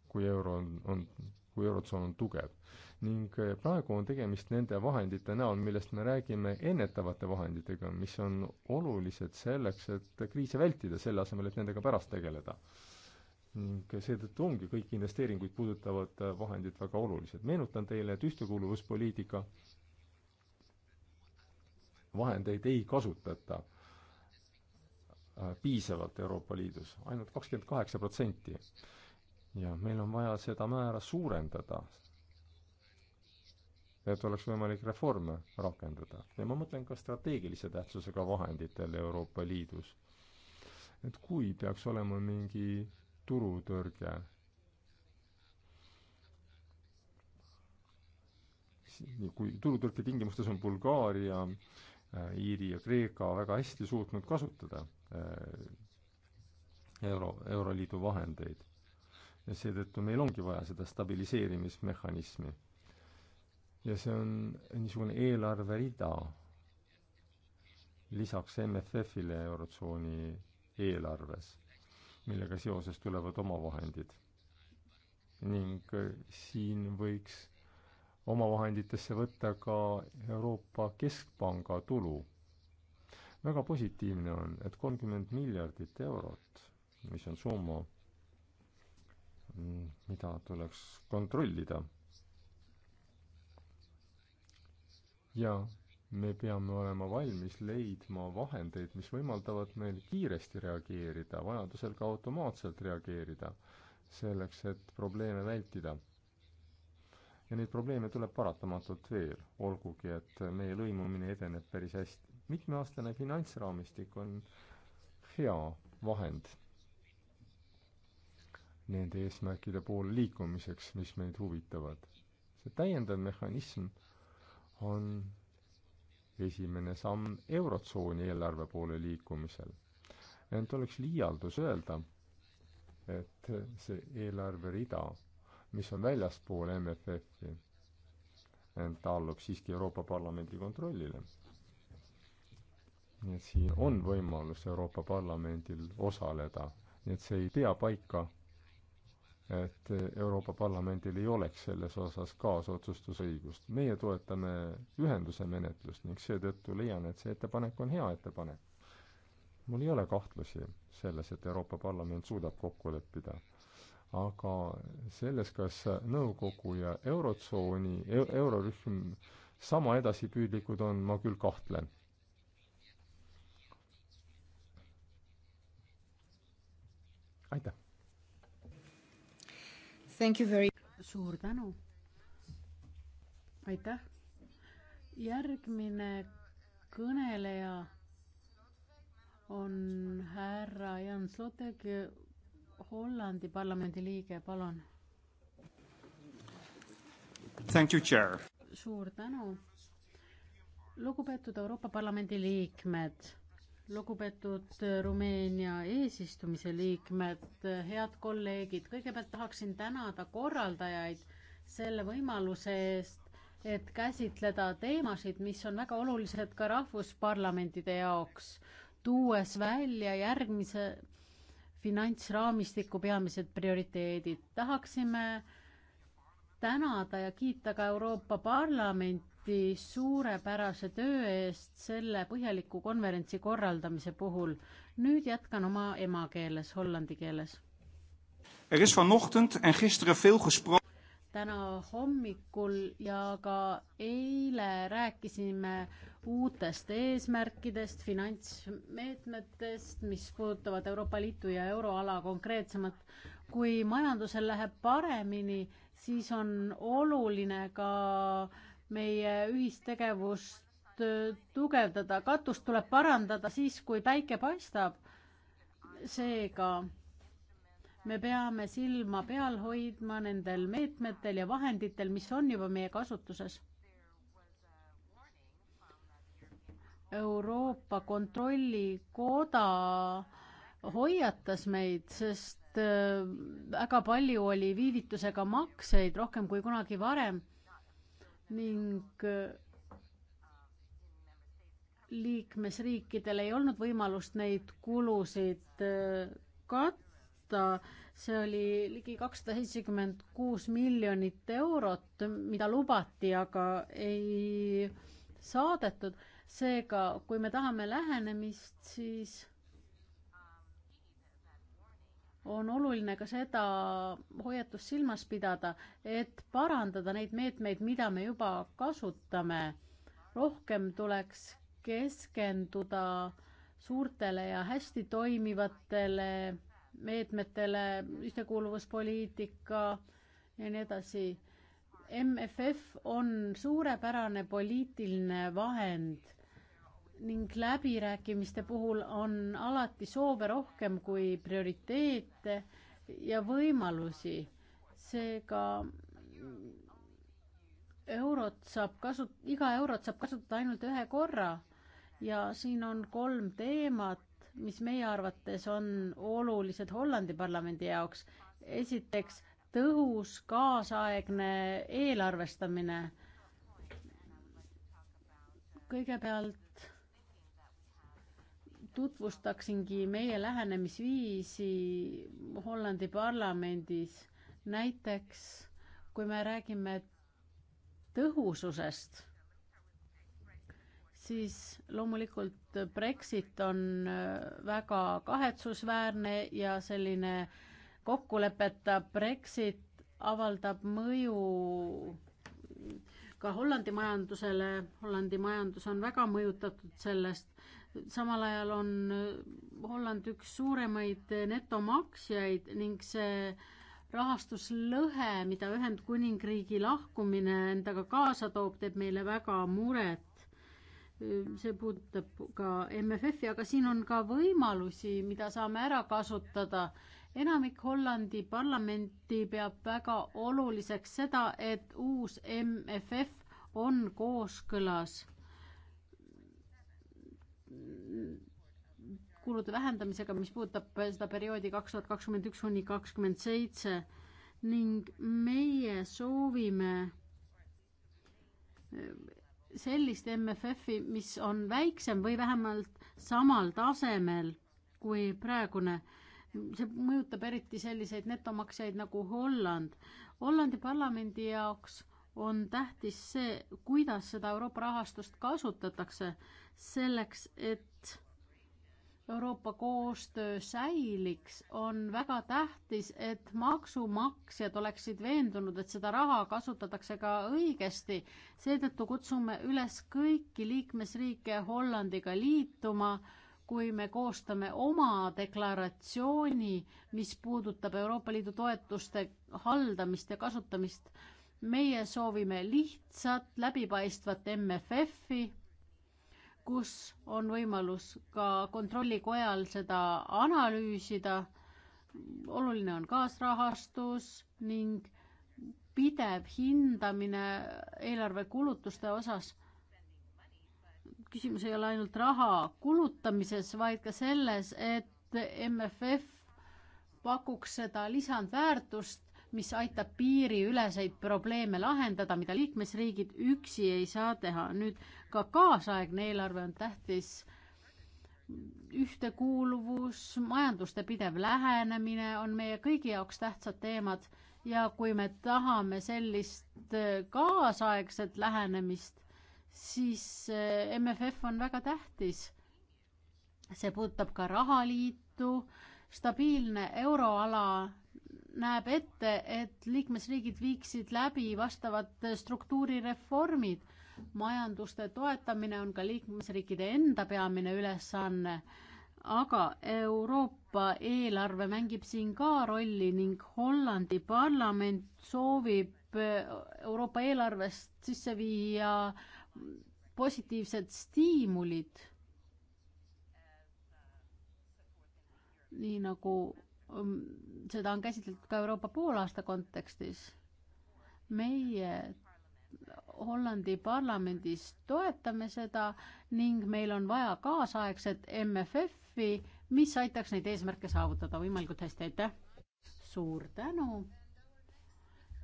kui euro on, on, kui eurotsoon on tugev ning eh, praegu on tegemist nende vahendite näol, millest me räägime, ennetavate vahenditega, mis on olulised selleks, et kriise vältida, selle asemel, et nendega pärast tegeleda. ning seetõttu ongi kõik investeeringuid puudutavad eh, vahendid väga olulised. meenutan teile, et ühtekuuluvuspoliitika vahendeid ei kasutata eh, piisavalt Euroopa Liidus ainult, ainult kakskümmend kaheksa protsenti. ja meil on vaja seda määra suurendada, et oleks võimalik reforme rakendada. ja ma mõtlen ka strateegilise tähtsusega vahenditele Euroopa Liidus. et kui peaks olema mingi turutõrge, kui turutõrke tingimustes on Bulgaaria, äh, Iiri ja Kreeka väga hästi suutnud kasutada äh, euro, Euroliidu vahendeid. ja seetõttu meil ongi vaja seda stabiliseerimismehhanismi ja see on niisugune eelarverida lisaks MFF-ile Eurotsooni eelarves, millega seoses tulevad omavahendid. ning äh, siin võiks omavahenditesse võtta ka Euroopa Keskpanga tulu. väga positiivne on, et kolmkümmend miljardit eurot, mis on summa, mm, mida tuleks kontrollida ja me peame olema valmis leidma vahendeid, mis võimaldavad meil kiiresti reageerida, vajadusel ka automaatselt reageerida, selleks et probleeme vältida. ja neid probleeme tuleb paratamatult veel, olgugi et meie lõimumine edeneb päris hästi. mitmeaastane finantsraamistik on hea vahend nende eesmärkide poole liikumiseks, mis meid huvitavad. see täiendav mehhanism on esimene samm Eurotsooni eelarve poole liikumisel. ent oleks liialdus öelda, et see eelarverida, mis on väljaspool MFF-i, ent allub siiski Euroopa Parlamendi kontrollile. nii et siin on võimalus Euroopa Parlamendil osaleda, nii et see ei pea paika et Euroopa Parlamendil ei oleks selles osas kaasotsustusõigust. meie toetame ühenduse menetlust ning seetõttu leian, et see ettepanek on hea ettepanek. mul ei ole kahtlusi selles, et Euroopa Parlament suudab kokku leppida. aga selles, kas nõukogu ja Eurotsooni e, eurorühm sama edasipüüdlikud on, ma küll kahtlen aitäh! Very... suur tänu. aitäh. järgmine kõneleja on härra Jan Sotek, Hollandi parlamendi liige, palun. suur tänu. lugupeetud Euroopa Parlamendi liikmed lugupeetud äh, Rumeenia eesistumise liikmed, äh, head kolleegid, kõigepealt tahaksin tänada korraldajaid selle võimaluse eest, et käsitleda teemasid, mis on väga olulised ka rahvusparlamentide jaoks, tuues välja järgmise finantsraamistiku peamised prioriteedid. tahaksime tänada ja kiita ka Euroopa Parlamenti Anti suurepärase töö eest selle põhjaliku konverentsi korraldamise puhul. nüüd jätkan oma emakeeles, hollandi keeles. Er is vanochtend en gisteren veel gespro- täna hommikul ja ka eile rääkisime uutest eesmärkidest, finantsmeetmetest, mis puudutavad Euroopa Liitu ja euroala konkreetsemalt. kui majandusel läheb paremini, siis on oluline ka äh, meie ühistegevust äh, tugevdada, katust tuleb parandada siis, kui päike paistab. seega me peame silma peal hoidma nendel meetmetel ja vahenditel, mis on juba meie kasutuses. Euroopa Kontrollikoda hoiatas meid, sest äh, väga palju oli viivitusega makseid, rohkem kui kunagi varem ning liikmesriikidel ei olnud võimalust neid kulusid äh, katta, see oli ligi kakssada seitsekümmend kuus miljonit eurot, mida lubati, aga ei saadetud. seega, kui me tahame lähenemist, siis on oluline ka seda hoiatust silmas pidada, et parandada neid meetmeid, mida me juba kasutame. rohkem tuleks keskenduda suurtele ja hästi toimivatele meetmetele, ühtekuuluvuspoliitika ja nii edasi. MFF on suurepärane poliitiline vahend ning läbirääkimiste puhul on alati soove rohkem kui prioriteete ja võimalusi. seega eurot saab kasut-, iga eurot saab kasutada ainult ühe korra ja siin on kolm teemat, mis meie arvates on olulised Hollandi parlamendi jaoks. esiteks tõhus kaasaegne eelarvestamine. kõigepealt tutvustaksingi meie lähenemisviisi Hollandi parlamendis. näiteks kui me räägime tõhususest, siis loomulikult Brexit on äh, väga kahetsusväärne ja selline kokkulepeta Brexit avaldab mõju ka Hollandi majandusele, Hollandi majandus on väga mõjutatud sellest samal ajal on äh, Holland üks suuremaid äh, netomaksjaid ning see rahastuslõhe, mida Ühendkuningriigi lahkumine endaga kaasa toob, teeb meile väga muret. Äh, see puudutab ka MFF-i, aga siin on ka võimalusi, mida saame ära kasutada. enamik Hollandi parlamenti peab väga oluliseks seda, et uus MFF on kooskõlas kulude vähendamisega, mis puudutab seda perioodi kaks tuhat kakskümmend üks kuni kakskümmend seitse ning meie soovime eh, sellist MFF-i, mis on väiksem või vähemalt samal tasemel kui praegune. see mõjutab eriti selliseid netomaksjaid nagu Holland. Hollandi parlamendi jaoks on tähtis see, kuidas seda Euroopa rahastust kasutatakse selleks, et Euroopa koostöö säiliks, on väga tähtis, et maksumaksjad oleksid veendunud, et seda raha kasutatakse ka õigesti. seetõttu kutsume üles kõiki liikmesriike Hollandiga liituma, kui me koostame oma deklaratsiooni, mis puudutab Euroopa Liidu toetuste haldamist ja kasutamist. meie soovime lihtsat, läbipaistvat MFF-i kus on võimalus ka kontrollikojal seda analüüsida. oluline on kaasrahastus ning pidev hindamine eelarve kulutuste osas. küsimus ei ole ainult raha kulutamises, vaid ka selles, et MFF pakuks seda lisandväärtust, mis aitab piiriüleseid probleeme lahendada, mida liikmesriigid üksi ei saa teha. nüüd ka kaasaegne eelarve on tähtis, ühtekuuluvus, majanduste pidev lähenemine on meie kõigi jaoks tähtsad teemad ja kui me tahame sellist äh, kaasaegset lähenemist, siis äh, MFF on väga tähtis. see puudutab ka rahaliitu, stabiilne euroala näeb ette, et liikmesriigid viiksid läbi vastavad struktuurireformid. majanduste toetamine on ka liikmesriikide enda peamine ülesanne, aga Euroopa eelarve mängib siin ka rolli ning Hollandi parlament soovib äh, Euroopa eelarvest sisse viia positiivsed stiimulid, nii nagu Um, seda on käsitletud ka Euroopa poolaasta kontekstis. meie Hollandi parlamendis toetame seda ning meil on vaja kaasaegset MFF-i, mis aitaks neid eesmärke saavutada võimalikult hästi, aitäh! suur tänu!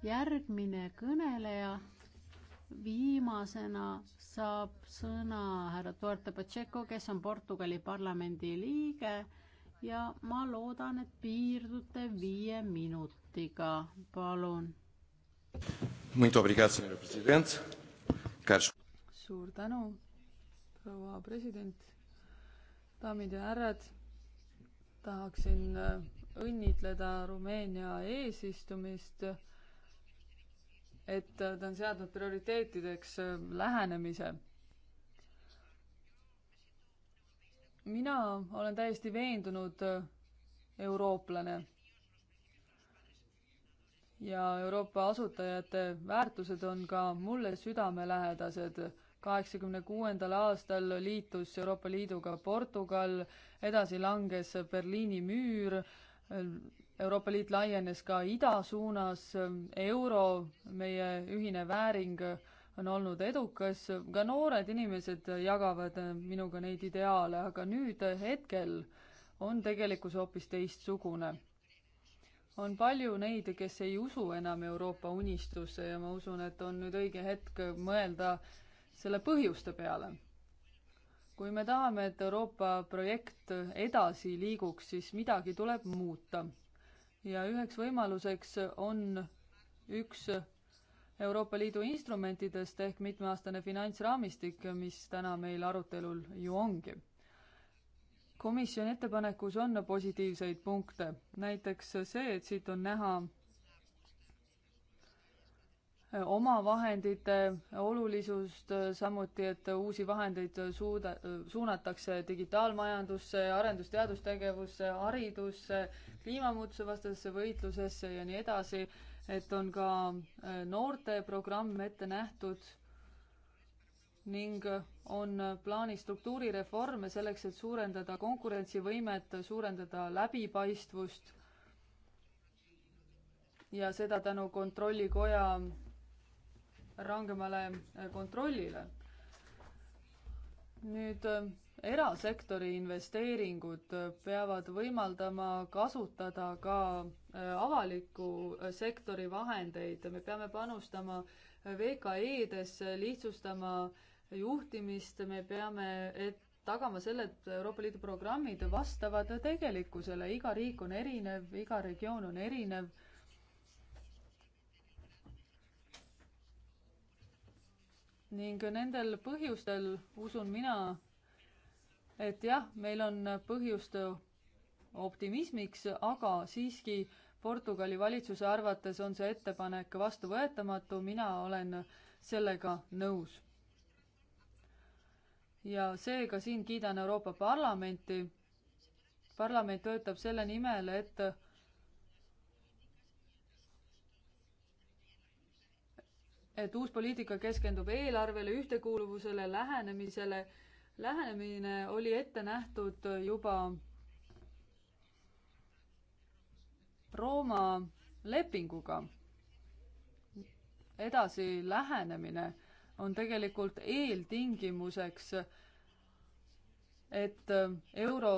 järgmine kõneleja, viimasena saab sõna härra Duarte Pacheco, kes on Portugali parlamendi liige ja ma loodan, et piirdute viie minutiga, palun. suur tänu, proua president, daamid ja härrad, tahaksin äh, õnnitleda Rumeenia eesistumist, et äh, ta on seadnud prioriteetideks äh, lähenemise mina olen täiesti veendunud äh, eurooplane. ja Euroopa asutajate väärtused on ka mulle südamelähedased. kaheksakümne kuuendal aastal liitus Euroopa Liiduga Portugal, edasi langes Berliini müür, Euroopa Liit laienes ka ida suunas, euro, meie ühine vääring on olnud edukas, ka noored inimesed jagavad minuga neid ideaale, aga nüüd hetkel on tegelikkus hoopis teistsugune. on palju neid, kes ei usu enam Euroopa unistusse ja ma usun, et on nüüd õige hetk mõelda selle põhjuste peale. kui me tahame, et Euroopa projekt edasi liiguks, siis midagi tuleb muuta. ja üheks võimaluseks on üks Euroopa Liidu instrumentidest ehk mitmeaastane finantsraamistik, mis täna meil arutelul ju ongi. komisjoni ettepanekus on positiivseid punkte, näiteks see, et siit on näha omavahendite olulisust, samuti, et uusi vahendeid suuda, suunatakse digitaalmajandusse, arendus-teadustegevusse, haridusse, kliimamuutuse vastasesse võitlusesse ja nii edasi et on ka äh, noorteprogramm ette nähtud ning äh, on plaanis struktuurireforme selleks, et suurendada konkurentsivõimet, suurendada läbipaistvust ja seda tänu Kontrollikoja rangemale äh, kontrollile. nüüd erasektori investeeringud peavad võimaldama kasutada ka äh, avaliku sektori vahendeid, me peame panustama äh, VKE-desse, lihtsustama juhtimist, me peame, et tagama selle, et Euroopa Liidu programmid vastavad tegelikkusele, iga riik on erinev, iga regioon on erinev ning nendel põhjustel usun mina, et jah, meil on põhjust optimismiks, aga siiski Portugali valitsuse arvates on see ettepanek vastuvõetamatu, mina olen sellega nõus. ja seega siin kiidan Euroopa Parlamenti. parlament töötab selle nimel, et et uus poliitika keskendub eelarvele, ühtekuuluvusele, lähenemisele lähenemine oli ette nähtud juba Rooma lepinguga. edasi lähenemine on tegelikult eeltingimuseks, et euro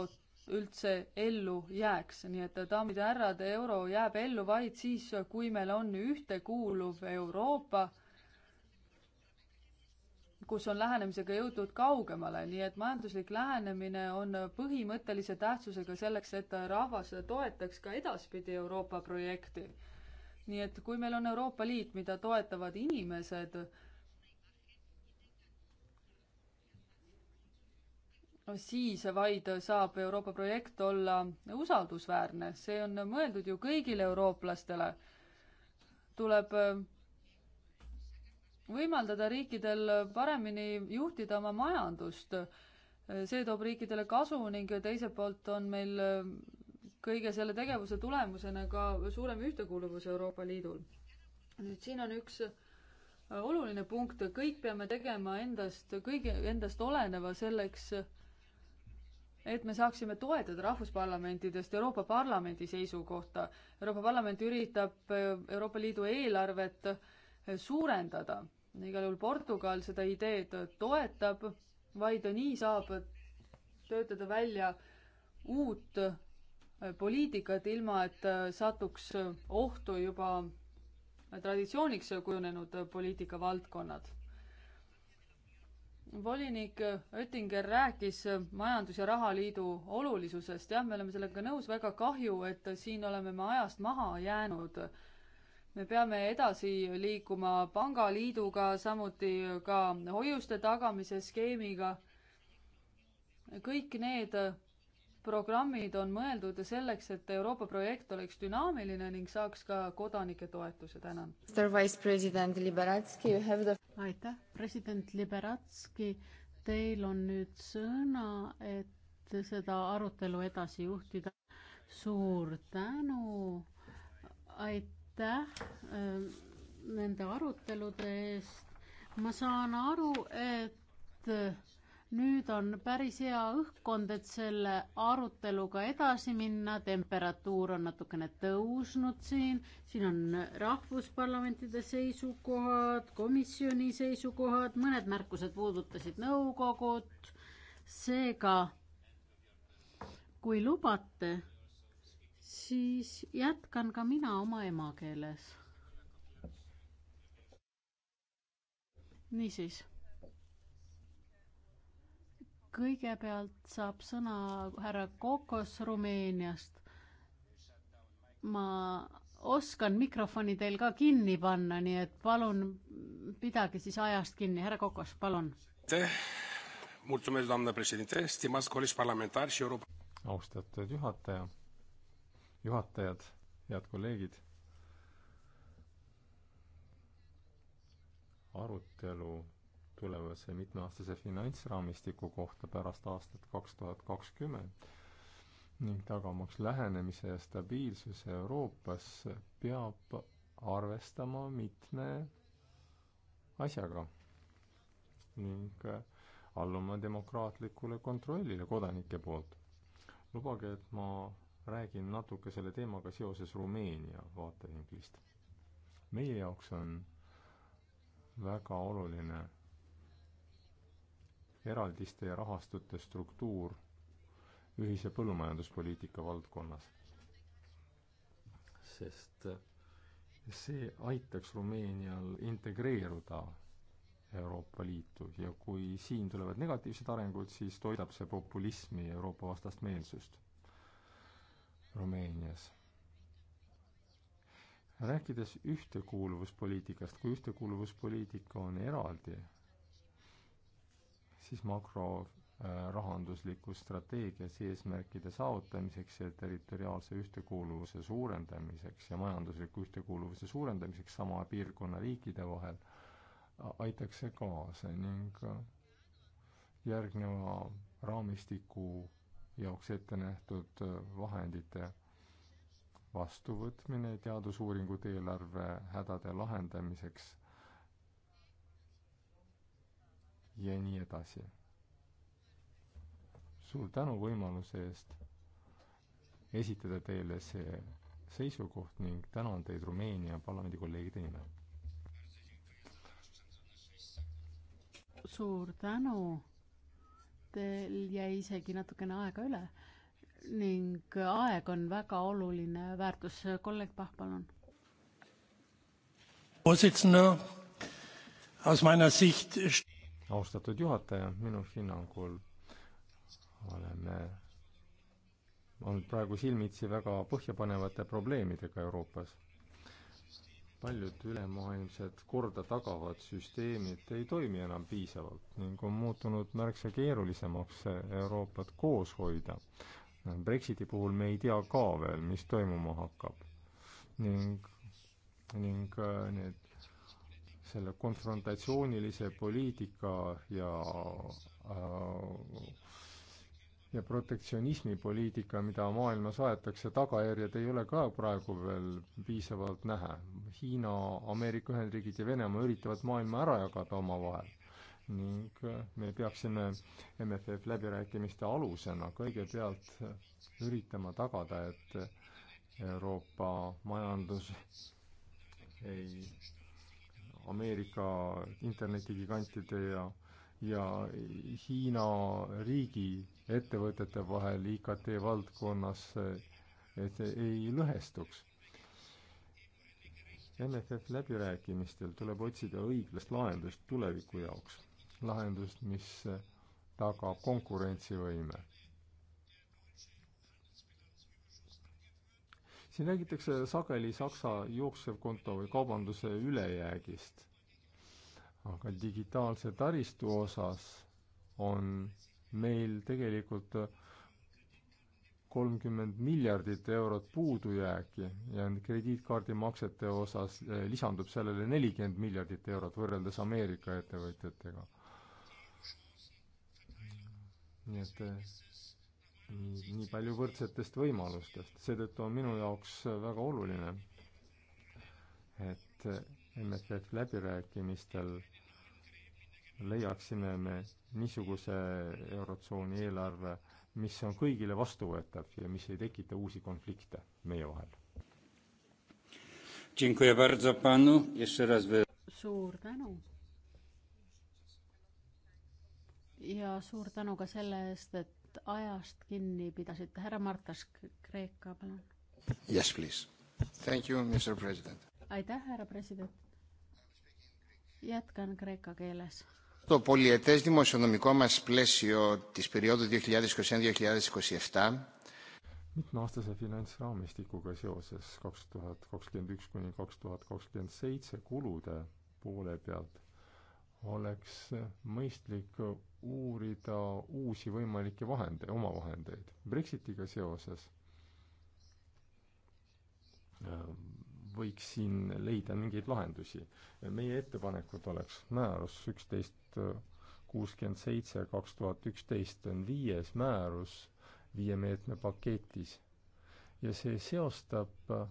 üldse ellu jääks, nii et daamid ja härrad, euro jääb ellu vaid siis, kui meil on ühtekuuluv Euroopa kus on lähenemisega jõutud kaugemale, nii et majanduslik lähenemine on põhimõttelise tähtsusega selleks, et rahvas toetaks ka edaspidi Euroopa projekti. nii et kui meil on Euroopa Liit, mida toetavad inimesed, siis vaid saab Euroopa projekt olla usaldusväärne, see on mõeldud ju kõigile eurooplastele. tuleb võimaldada riikidel paremini juhtida oma majandust. see toob riikidele kasu ning teiselt poolt on meil kõige selle tegevuse tulemusena ka suurem ühtekuuluvus Euroopa Liidul. nüüd siin on üks oluline punkt, kõik peame tegema endast, kõige, endast oleneva selleks, et me saaksime toetada rahvusparlamentidest Euroopa Parlamendi seisukohta. Euroopa Parlament üritab Euroopa Liidu eelarvet suurendada igal juhul Portugal seda ideed toetab, vaid nii saab töötada välja uut äh, poliitikat, ilma et äh, satuks ohtu juba traditsiooniks kujunenud poliitikavaldkonnad. volinik Oettinger rääkis Majandus- ja Rahaliidu olulisusest, jah, me oleme sellega nõus, väga kahju, et siin oleme me ajast maha jäänud me peame edasi liikuma pangaliiduga, samuti ka hoiuste tagamise skeemiga. kõik need programmid on mõeldud selleks, et Euroopa projekt oleks dünaamiline ning saaks ka kodanike toetuse, tänan. The... aitäh, president Liberatski, teil on nüüd sõna, et seda arutelu edasi juhtida. suur tänu, aitäh aitäh ähm, nende arutelude eest. ma saan aru, et äh, nüüd on päris hea õhkkond, et selle aruteluga edasi minna, temperatuur on natukene tõusnud siin, siin on rahvusparlamentide seisukohad, komisjoni seisukohad, mõned märkused puudutasid nõukogud, seega kui lubate siis jätkan ka mina oma emakeeles. niisiis. kõigepealt saab sõna härra Kokos Rumeeniast. ma oskan mikrofoni teil ka kinni panna, nii et palun pidage siis ajast kinni. härra Kokos, palun. aitäh, mulțumesc, doamna presidente, stimați colegi parlamentari și euro-. austatud juhataja juhatajad, head kolleegid. arutelu tulevase mitmeaastase finantsraamistiku kohta pärast aastat kaks tuhat kakskümmend ning tagamaks lähenemise ja stabiilsuse Euroopas, peab arvestama mitme asjaga ning alluma demokraatlikule kontrollile kodanike poolt. lubage, et ma räägin natuke selle teemaga seoses Rumeenia vaatevinklist. meie jaoks on väga oluline eraldiste ja rahastute struktuur ühise põllumajanduspoliitika valdkonnas. sest see aitaks Rumeenial integreeruda Euroopa Liitu ja kui siin tulevad negatiivsed arengud, siis toidab see populismi ja Euroopa vastast meelsust. Rumeenias. rääkides ühtekuuluvuspoliitikast, kui ühtekuuluvuspoliitika on eraldi, siis makrorahanduslikus äh, strateegias eesmärkide saavutamiseks ja territoriaalse ühtekuuluvuse suurendamiseks ja majandusliku ühtekuuluvuse suurendamiseks sama piirkonna riikide vahel aitaks see kaasa ning äh, järgneva raamistiku jaoks ette nähtud äh, vahendite vastuvõtmine teadusuuringute eelarve hädade lahendamiseks ja nii edasi. suur tänu võimaluse eest esitada teile see seisukoht ning tänan teid Rumeenia parlamendi kolleegide nimel. suur tänu teil jäi isegi natukene aega üle ning aeg on väga oluline väärtus. kolleeg Pahv, palun. austatud juhataja, minu hinnangul oleme olnud praegu silmitsi väga põhjapanevate probleemidega Euroopas paljud ülemaailmsed korda tagavad süsteemid ei toimi enam piisavalt ning on muutunud märksa keerulisemaks Euroopat koos hoida. Brexiti puhul me ei tea ka veel, mis toimuma hakkab. ning, ning äh, need, selle konfrontatsioonilise poliitika ja äh, ja protektsionismipoliitika, mida maailmas aetakse, tagajärjed ei ole ka praegu veel piisavalt näha. Hiina, Ameerika Ühendriigid ja Venemaa üritavad maailma ära jagada omavahel ning me peaksime MFF läbirääkimiste alusena kõigepealt üritama tagada, et Euroopa majandus ei Ameerika internetigigantide ja ja Hiina riigi ettevõtete vahel IKT valdkonnas, et ei lõhestuks. MFF läbirääkimistel tuleb otsida õiglast lahendust tuleviku jaoks, lahendust, mis tagab konkurentsivõime. siin räägitakse sageli Saksa jooksevkonto või kaubanduse ülejäägist, aga digitaalse taristu osas on meil tegelikult kolmkümmend miljardit eurot puudujääki ja krediitkaardimaksete osas eh, lisandub sellele nelikümmend miljardit eurot võrreldes Ameerika ettevõtjatega. nii et eh, nii, nii palju võrdsetest võimalustest, seetõttu on minu jaoks väga oluline, et eh, MFF läbirääkimistel leiaksime me niisuguse Eurotsooni eelarve, mis on kõigile vastuvõetav ja mis ei tekita uusi konflikte meie vahel. suur tänu. ja suur tänu ka selle eest, et ajast kinni pidasite. härra Martas, Kreeka, palun. Yes, please. Thank you, Mr President. aitäh, härra president. jätkan kreeka keeles Το πολιετές δημοσιονομικό μας πλαίσιο της περίοδου 2021-2027 mitmeaastase finantsraamistikuga seoses kaks tuhat kakskümmend üks kuni kaks tuhat kakskümmend seitse kulude poole pealt oleks mõistlik uurida uusi võimalikke vahendeid, omavahendeid Brexitiga seoses ähm, võiks siin leida mingeid lahendusi. meie ettepanekud oleks määrus üksteist äh, kuuskümmend seitse kaks tuhat üksteist on viies määrus viie meetme paketis ja see seostab äh,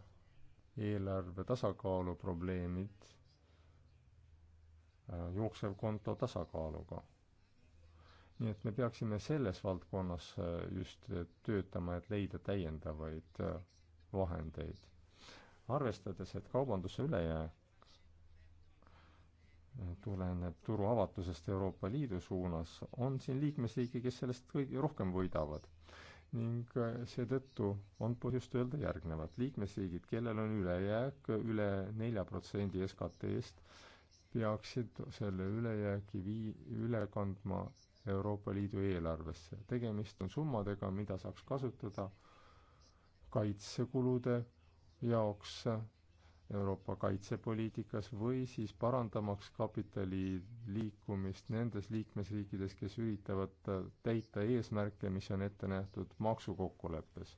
eelarve tasakaalu probleemid äh, jooksevkonto tasakaaluga. nii et me peaksime selles valdkonnas just töötama, et leida täiendavaid vahendeid arvestades, et kaubanduse ülejääk tuleneb turu avatusest Euroopa Liidu suunas, on siin liikmesriike, kes sellest kõige rohkem võidavad. ning äh, seetõttu on põhjust öelda järgnevat. liikmesriigid, kellel on ülejääk üle nelja protsendi SKT-st, peaksid selle ülejäägi vii-, üle kandma Euroopa Liidu eelarvesse. tegemist on summadega, mida saaks kasutada kaitsekulude jaoks Euroopa kaitsepoliitikas või siis parandamaks kapitali liikumist nendes liikmesriikides, kes üritavad täita eesmärke, mis on ette nähtud maksukokkuleppes.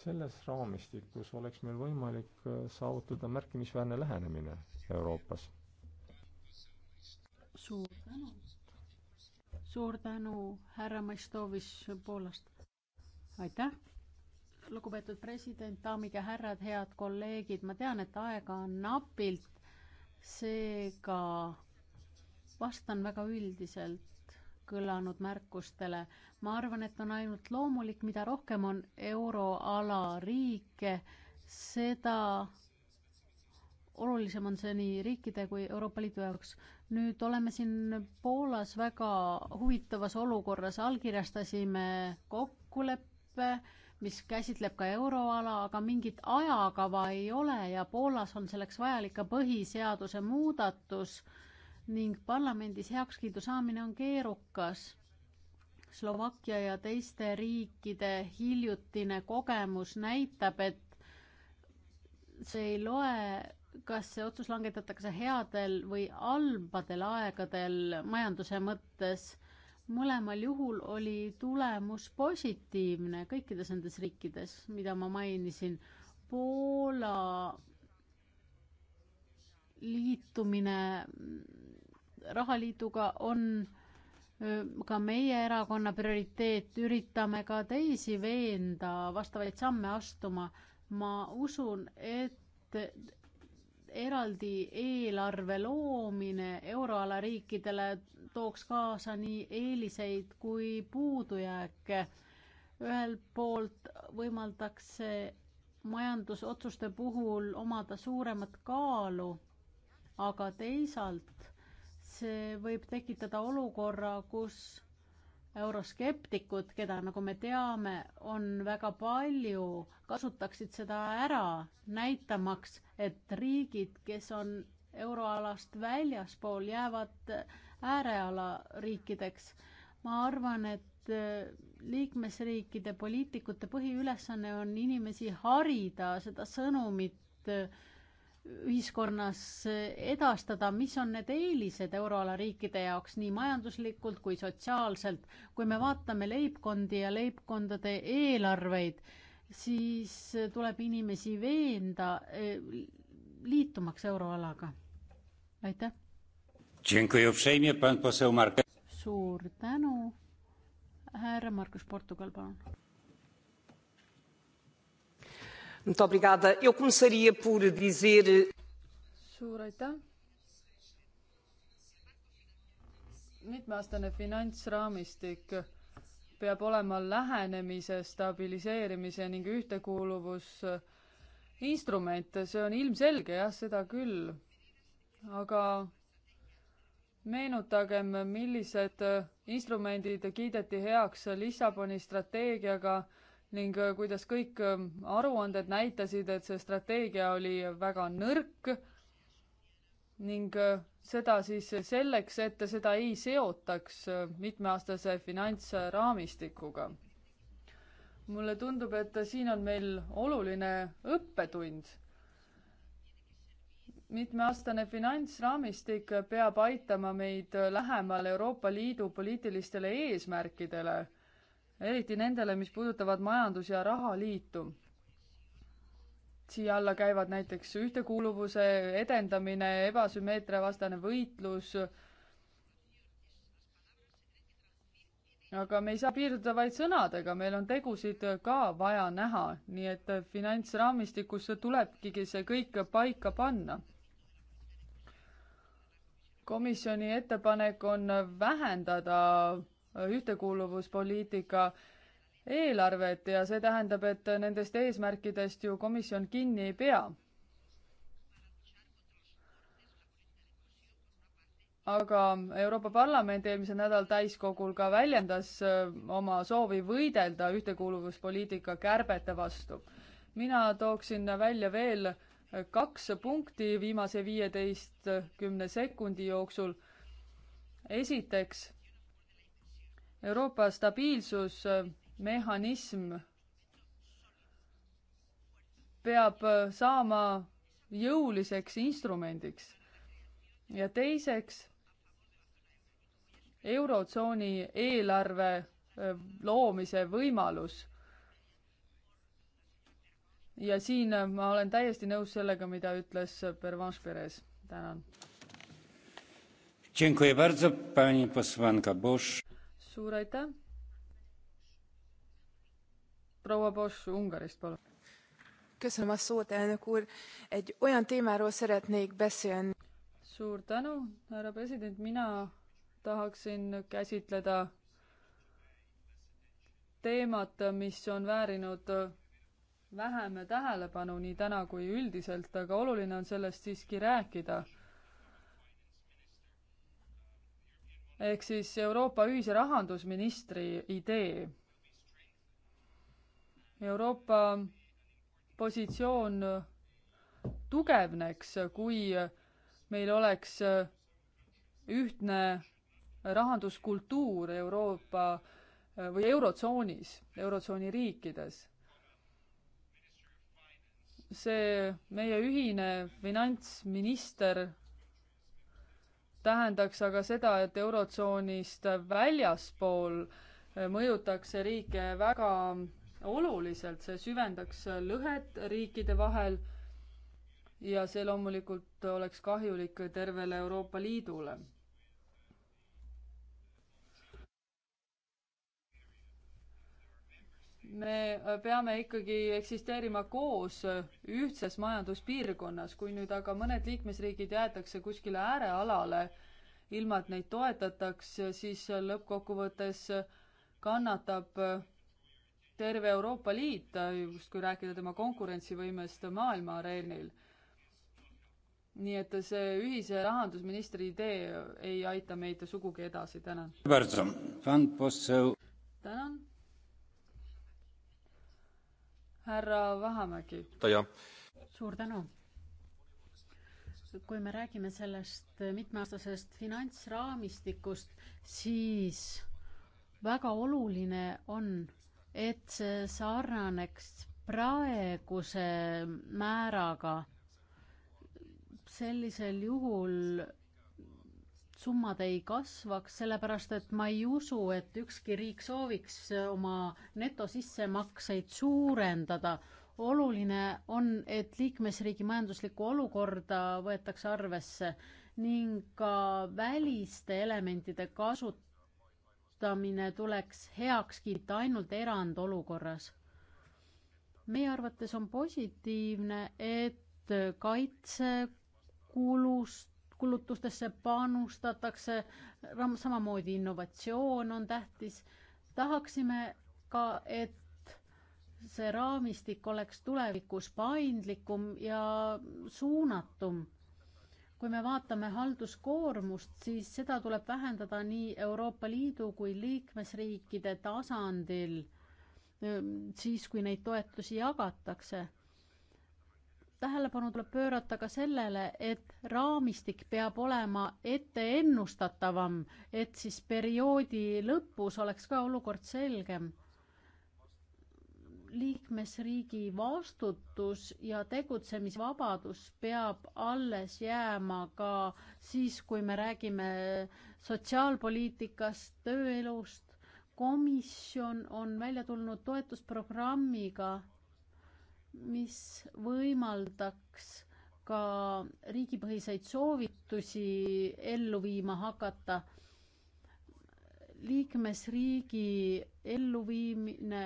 selles raamistikus oleks meil võimalik saavutada märkimisväärne lähenemine Euroopas. suur tänu. suur tänu, härra Maistovis Poolast. aitäh lugupeetud president, daamid ja härrad, head kolleegid, ma tean, et aega on napilt, seega vastan väga üldiselt kõlanud märkustele. ma arvan, et on ainult loomulik, mida rohkem on euroala riike, seda olulisem on see nii riikide kui Euroopa Liidu jaoks. nüüd oleme siin Poolas väga huvitavas olukorras, allkirjastasime kokkuleppe mis käsitleb ka euroala, aga mingit ajakava ei ole ja Poolas on selleks vajalik ka põhiseaduse muudatus ning parlamendis heakskiidu saamine on keerukas. Slovakkia ja teiste riikide hiljutine kogemus näitab, et see ei loe, kas see otsus langetatakse headel või halbadel aegadel majanduse mõttes mõlemal juhul oli tulemus positiivne kõikides nendes riikides, mida ma mainisin. Poola liitumine rahaliiduga on ka meie erakonna prioriteet, üritame ka teisi veenda vastavaid samme astuma. ma usun, et eraldi eelarve loomine euroala riikidele tooks kaasa nii eeliseid kui puudujääke. ühelt poolt võimaldaks see majandusotsuste puhul omada suuremat kaalu, aga teisalt see võib tekitada olukorra, kus euroskeptikud, keda, nagu me teame, on väga palju, kasutaksid seda ära, näitamaks, et riigid, kes on euroalast väljaspool, jäävad ääreala riikideks. ma arvan, et eh, liikmesriikide poliitikute põhiülesanne on inimesi harida, seda sõnumit eh, ühiskonnas edastada, mis on need eelised euroala riikide jaoks nii majanduslikult kui sotsiaalselt. kui me vaatame leibkondi ja leibkondade eelarveid, siis tuleb inimesi veenda e, liitumaks euroalaga. aitäh. suur tänu. härra Markus Portugal, palun Muito obrigada. Eu começaria por dizer. suur aitäh. mitmeaastane finantsraamistik peab olema lähenemise stabiliseerimise ning ühtekuuluvusinstrument, see on ilmselge, jah, seda küll. aga meenutagem, millised instrumendid kiideti heaks Lissaboni strateegiaga ning äh, kuidas kõik ähm, aruanded näitasid, et see strateegia oli väga nõrk ning äh, seda siis selleks, et seda ei seotaks äh, mitmeaastase finantsraamistikuga. mulle tundub, et siin on meil oluline õppetund. mitmeaastane finantsraamistik peab aitama meid lähemal Euroopa Liidu poliitilistele eesmärkidele eriti nendele, mis puudutavad majandus- ja rahaliitu. siia alla käivad näiteks ühtekuuluvuse edendamine, ebasümmeetria vastane võitlus, aga me ei saa piirduda vaid sõnadega, meil on tegusid ka vaja näha, nii et finantsraamistikus tulebki see kõik paika panna komisjoni ettepanek on vähendada ühtekuuluvuspoliitika eelarvet ja see tähendab, et nendest eesmärkidest ju komisjon kinni ei pea. aga Euroopa Parlament eelmisel nädalal täiskogul ka väljendas äh, oma soovi võidelda ühtekuuluvuspoliitika kärbete vastu. mina tooksin välja veel äh, kaks punkti viimase viieteistkümne sekundi jooksul. esiteks Euroopa stabiilsusmehhanism peab saama jõuliseks instrumendiks. ja teiseks, eurotsooni eelarve äh, loomise võimalus. ja siin äh, ma olen täiesti nõus sellega, mida ütles äh, Pervanche Perez. tänan suur aitäh. proua Bosch Ungarist, palun. köszönöm a szót, elnök úr. Egy olyan témáról szeretnék beszélni. suur tänu, härra president, mina tahaksin käsitleda teemat, mis on väärinud vähem tähelepanu nii täna kui üldiselt, aga oluline on sellest siiski rääkida ehk siis Euroopa ühise rahandusministri idee. Euroopa positsioon tugevneks, kui meil oleks ühtne rahanduskultuur Euroopa või Eurotsoonis, Eurotsooni riikides. see meie ühine finantsminister tähendaks aga seda, et Eurotsoonist väljaspool mõjutaks see riike väga oluliselt, see süvendaks lõhet riikide vahel ja see loomulikult oleks kahjulik tervele Euroopa Liidule me äh, peame ikkagi eksisteerima koos äh, ühtses majanduspiirkonnas, kui nüüd aga mõned liikmesriigid jäetakse kuskile äärealale, ilma et neid toetataks, äh, siis lõppkokkuvõttes kannatab terve Euroopa Liit, justkui rääkida tema konkurentsivõimest maailma areenil. nii et see ühise rahandusministri idee ei aita meid sugugi edasi, tänan. tänan härra Vahamägi. suur tänu. kui me räägime sellest mitmeaastasest finantsraamistikust, siis väga oluline on, et see sarnaneks praeguse määraga. sellisel juhul summad ei kasvaks, sellepärast et ma ei usu, et ükski riik sooviks oma netosissemakseid suurendada. oluline on, et liikmesriigi majanduslikku olukorda võetakse arvesse ning ka väliste elementide kasutamine tuleks heaks kiita ainult erandolukorras. meie arvates on positiivne, et kaitsekulust kulutustesse panustatakse, samamoodi innovatsioon on tähtis. tahaksime ka, et see raamistik oleks tulevikus paindlikum ja suunatum. kui me vaatame halduskoormust, siis seda tuleb vähendada nii Euroopa Liidu kui liikmesriikide tasandil, siis kui neid toetusi jagatakse tähelepanu tuleb pöörata ka sellele, et raamistik peab olema ette ennustatavam, et siis perioodi lõpus oleks ka olukord selgem. liikmesriigi vastutus ja tegutsemisvabadus peab alles jääma ka siis, kui me räägime sotsiaalpoliitikast, tööelust. komisjon on välja tulnud toetusprogrammiga mis võimaldaks ka riigipõhiseid soovitusi ellu viima hakata. liikmesriigi elluviimine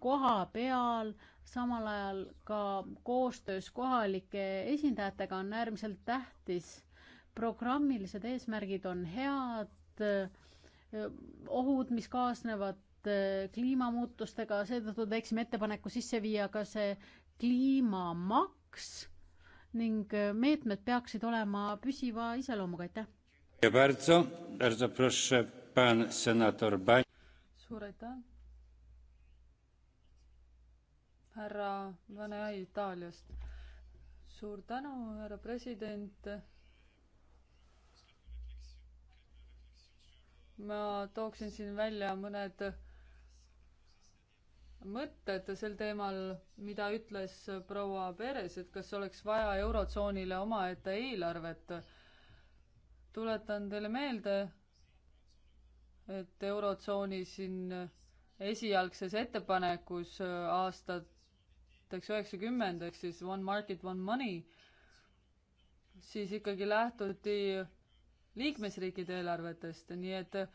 koha peal, samal ajal ka koostöös kohalike esindajatega on äärmiselt tähtis. programmilised eesmärgid on head, ohud, mis kaasnevad Eh, kliimamuutustega, seetõttu teeksime ettepaneku sisse viia ka see kliimamaks ning eh, meetmed peaksid olema püsiva iseloomuga, aitäh. suur aitäh. härra Vaneai Itaaliast. suur tänu, härra president ma tooksin siin välja mõned mõtted sel teemal, mida ütles proua Peres, et kas oleks vaja Eurotsoonile omaette eelarvet. tuletan teile meelde, et Eurotsooni siin esialgses ettepanekus aastateks üheksakümmend ehk siis One Market, One Money, siis ikkagi lähtuti liikmesriikide eelarvetest, nii et äh,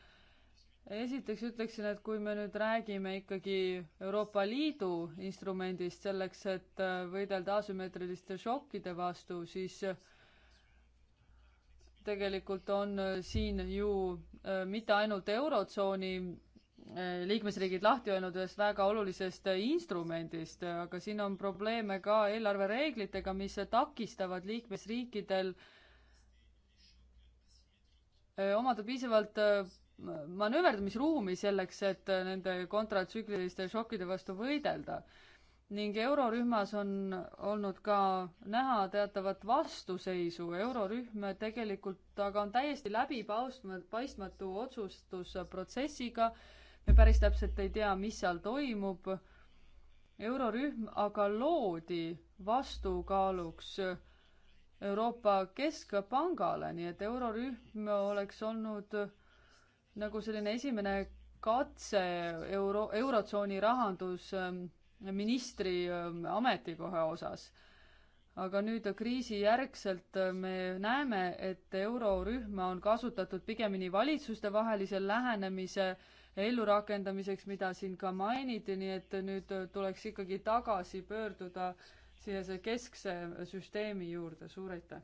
esiteks ütleksin, et kui me nüüd räägime ikkagi Euroopa Liidu instrumendist selleks, et äh, võidelda asümmeetriliste šokkide vastu, siis tegelikult on äh, siin ju äh, mitte ainult Eurotsooni liikmesriigid lahti öelnud ühest väga olulisest instrumendist, aga siin on probleeme ka eelarvereeglitega, mis takistavad liikmesriikidel omada piisavalt manööverdamisruumi selleks, et nende kontratsükliliste šokkide vastu võidelda. ning eurorühmas on olnud ka näha teatavat vastuseisu, eurorühm tegelikult aga on täiesti läbipaistmatu otsustusprotsessiga, me päris täpselt ei tea, mis seal toimub, eurorühm aga loodi vastukaaluks Euroopa Keskpangale, nii et eurorühm oleks olnud nagu selline esimene katse euro, Eurotsooni rahandusministri ähm, ähm, ametikoha osas. aga nüüd kriisijärgselt äh, me näeme, et eurorühma on kasutatud pigemini valitsustevahelise lähenemise ellurakendamiseks, mida siin ka mainiti, nii et nüüd tuleks ikkagi tagasi pöörduda siia see keskse süsteemi juurde, suur aitäh!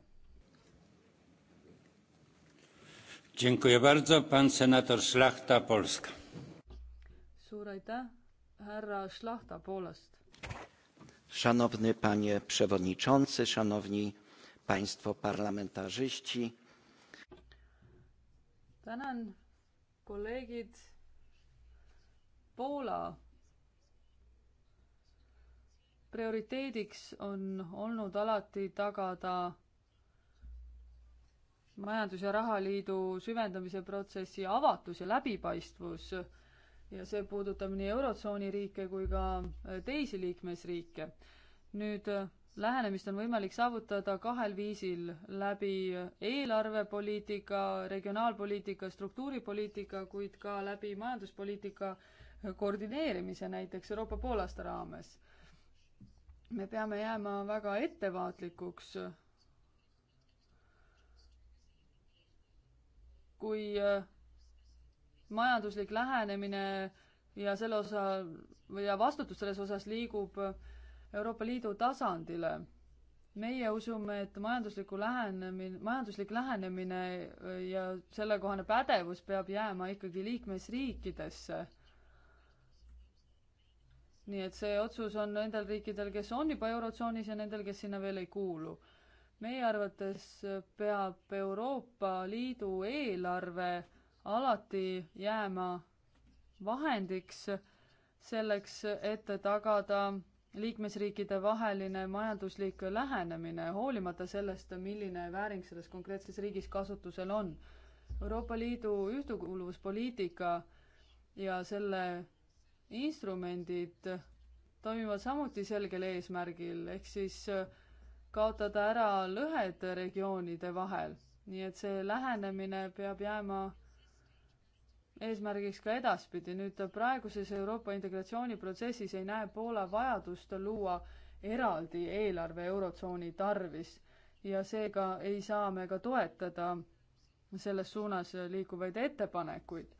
suur aitäh, härra Šlahta Poolast. Szanowny panie przewodniczący, szanowni państwo parlamentarzyści. Tänan, kolleegid. Poola prioriteediks on olnud alati tagada majandus- ja rahaliidu süvendamise protsessi avatus ja läbipaistvus ja see puudutab nii Eurotsooni riike kui ka äh, teisi liikmesriike. nüüd äh, lähenemist on võimalik saavutada kahel viisil, läbi äh, eelarvepoliitika, regionaalpoliitika, struktuuripoliitika, kuid ka läbi majanduspoliitika koordineerimise, näiteks Euroopa poolaasta raames. me peame jääma väga ettevaatlikuks kui äh, majanduslik lähenemine ja selle osa ja vastutus selles osas liigub äh, Euroopa Liidu tasandile. meie usume, et majandusliku lähenemine, majanduslik lähenemine äh, ja sellekohane pädevus peab jääma ikkagi liikmesriikidesse nii et see otsus on nendel riikidel, kes on juba Eurotsoonis ja nendel, kes sinna veel ei kuulu meie arvates peab Euroopa Liidu eelarve alati jääma vahendiks selleks, et tagada liikmesriikide vaheline majanduslik lähenemine, hoolimata sellest, milline vääring selles konkreetses riigis kasutusel on. Euroopa Liidu ühtekuuluvuspoliitika ja selle instrumendid toimivad samuti selgel eesmärgil, ehk siis äh, kaotada ära lõhed regioonide vahel. nii et see lähenemine peab jääma eesmärgiks ka edaspidi. nüüd praeguses Euroopa integratsiooniprotsessis ei näe Poola vajadust luua eraldi eelarve Eurotsooni tarvis ja seega ei saa me ka toetada selles suunas liikuvaid ettepanekuid.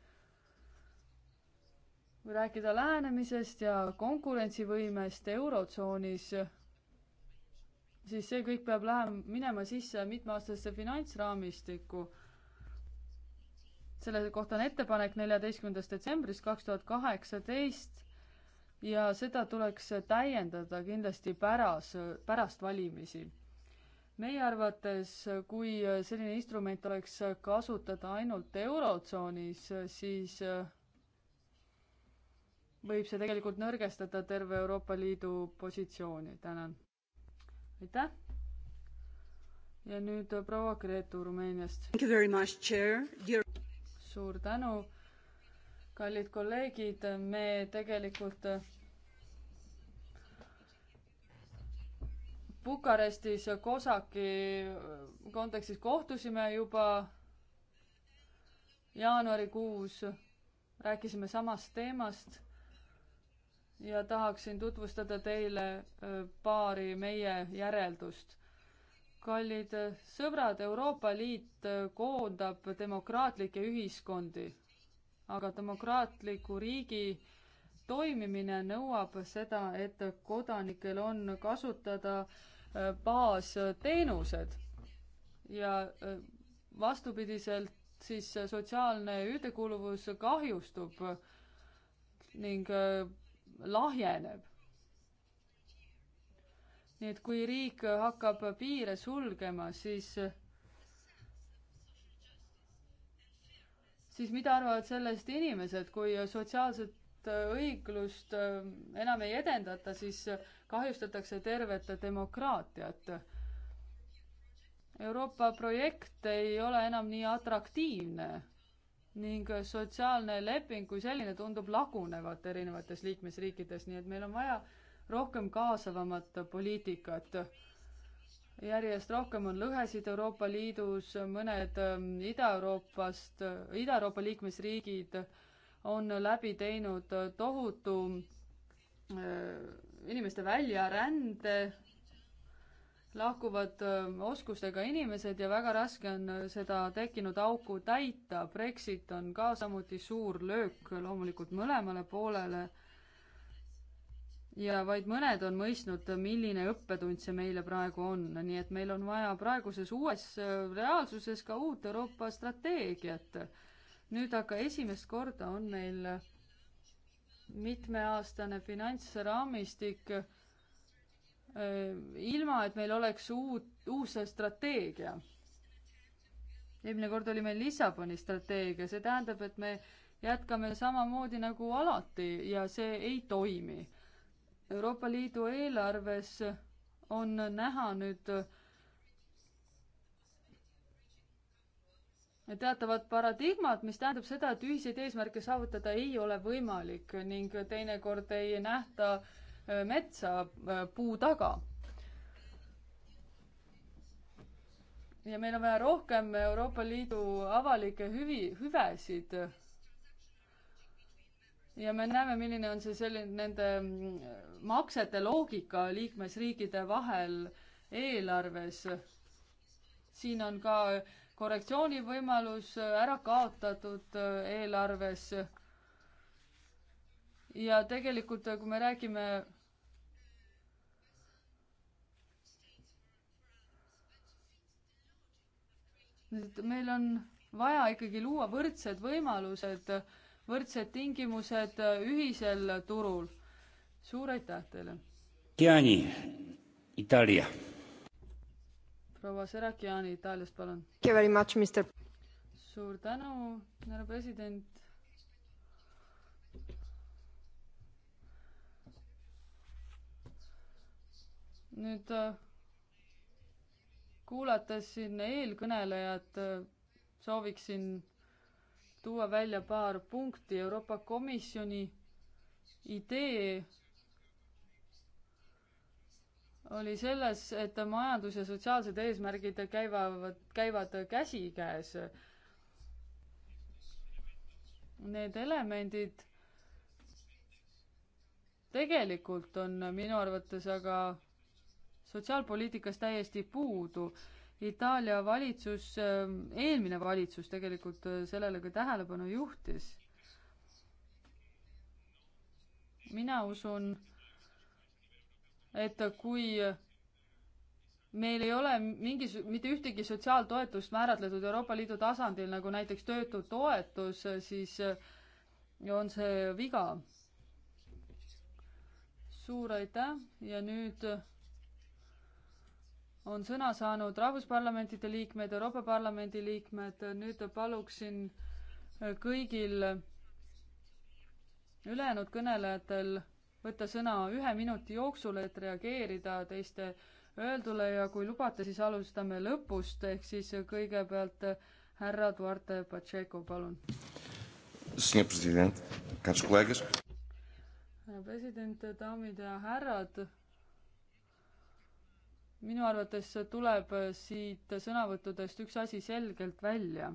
kui rääkida lähenemisest ja konkurentsivõimest Eurotsoonis, siis see kõik peab lähema, minema sisse mitmeaastasesse finantsraamistikku. selle kohta on ettepanek neljateistkümnendast detsembrist kaks tuhat kaheksateist ja seda tuleks täiendada kindlasti päras, pärast valimisi. meie arvates, kui selline instrument oleks kasutada ainult Eurotsoonis, siis võib see tegelikult nõrgestada terve Euroopa Liidu positsiooni. tänan aitäh! ja nüüd äh, proua Gretu Rumeeniast. suur tänu, kallid kolleegid, me tegelikult äh, Bukarestis äh, Kosaki kontekstis kohtusime juba jaanuarikuus, rääkisime samast teemast ja tahaksin tutvustada teile paari meie järeldust. kallid sõbrad, Euroopa Liit koondab demokraatlikke ühiskondi, aga demokraatliku riigi toimimine nõuab seda, et kodanikel on kasutada baasteenused ja vastupidiselt siis sotsiaalne ühtekuuluvus kahjustub ning lahjeneb. nii et kui riik hakkab piire sulgema, siis siis mida arvavad sellest inimesed, kui sotsiaalset õiglust äh, enam ei edendata, siis kahjustatakse tervet demokraatiat. Euroopa projekt ei ole enam nii atraktiivne ning sotsiaalne leping kui selline tundub lagunevat erinevates liikmesriikides, nii et meil on vaja rohkem kaasavamat poliitikat. järjest rohkem on lõhesid Euroopa Liidus, mõned ähm, Ida-Euroopast, Ida-Euroopa liikmesriigid on läbi teinud tohutu äh, inimeste väljarände lahkuvad oskustega inimesed ja väga raske on seda tekkinud auku täita. Brexit on ka samuti suur löök loomulikult mõlemale poolele. ja vaid mõned on mõistnud, milline õppetund see meile praegu on, nii et meil on vaja praeguses uues reaalsuses ka uut Euroopa strateegiat. nüüd aga esimest korda on meil mitmeaastane finantsraamistik ilma, et meil oleks uut, uus strateegia. eelmine kord oli meil Lissaboni strateegia, see tähendab, et me jätkame samamoodi nagu alati ja see ei toimi. Euroopa Liidu eelarves on näha nüüd teatavad paradigmad, mis tähendab seda, et ühiseid eesmärke saavutada ei ole võimalik ning teinekord ei nähta äh, Äh, metsa äh, puu taga. ja meil on vaja rohkem Euroopa Liidu avalikke hüvi, hüvesid. ja me näeme, milline on see selline nende mm, maksete loogika liikmesriikide vahel eelarves. siin on ka korrektsioonivõimalus ära kaotatud äh, eelarves. ja tegelikult, kui me räägime meil on vaja ikkagi luua võrdsed võimalused, võrdsed tingimused äh, ühisel turul. suur aitäh teile! Chiani, Itaalia. proua Serachiani Itaaliast, palun. Thank you very much, Mr. suur tänu, härra president. nüüd äh, kuulates siin eelkõnelejat, sooviksin tuua välja paar punkti Euroopa Komisjoni idee oli selles, et majandus ja sotsiaalsed eesmärgid käivad, käivad käsikäes. Need elemendid tegelikult on minu arvates aga sotsiaalpoliitikas täiesti puudu. Itaalia valitsus, äh, eelmine valitsus tegelikult äh, sellele ka tähelepanu juhtis. mina usun, et kui meil ei ole mingis, mitte ühtegi sotsiaaltoetust määratletud Euroopa Liidu tasandil, nagu näiteks töötutoetus, siis äh, on see viga. suur aitäh ja nüüd on sõna saanud rahvusparlamentide liikmed, Euroopa Parlamendi liikmed, nüüd paluksin äh, kõigil ülejäänud kõnelejatel võtta sõna ühe minuti jooksul, et reageerida teiste öeldule ja kui lubate, siis alustame lõpust, ehk siis kõigepealt äh, härra Duarte Pacheco, palun. härra president, daamid ja härrad minu arvates tuleb siit sõnavõttudest üks asi selgelt välja.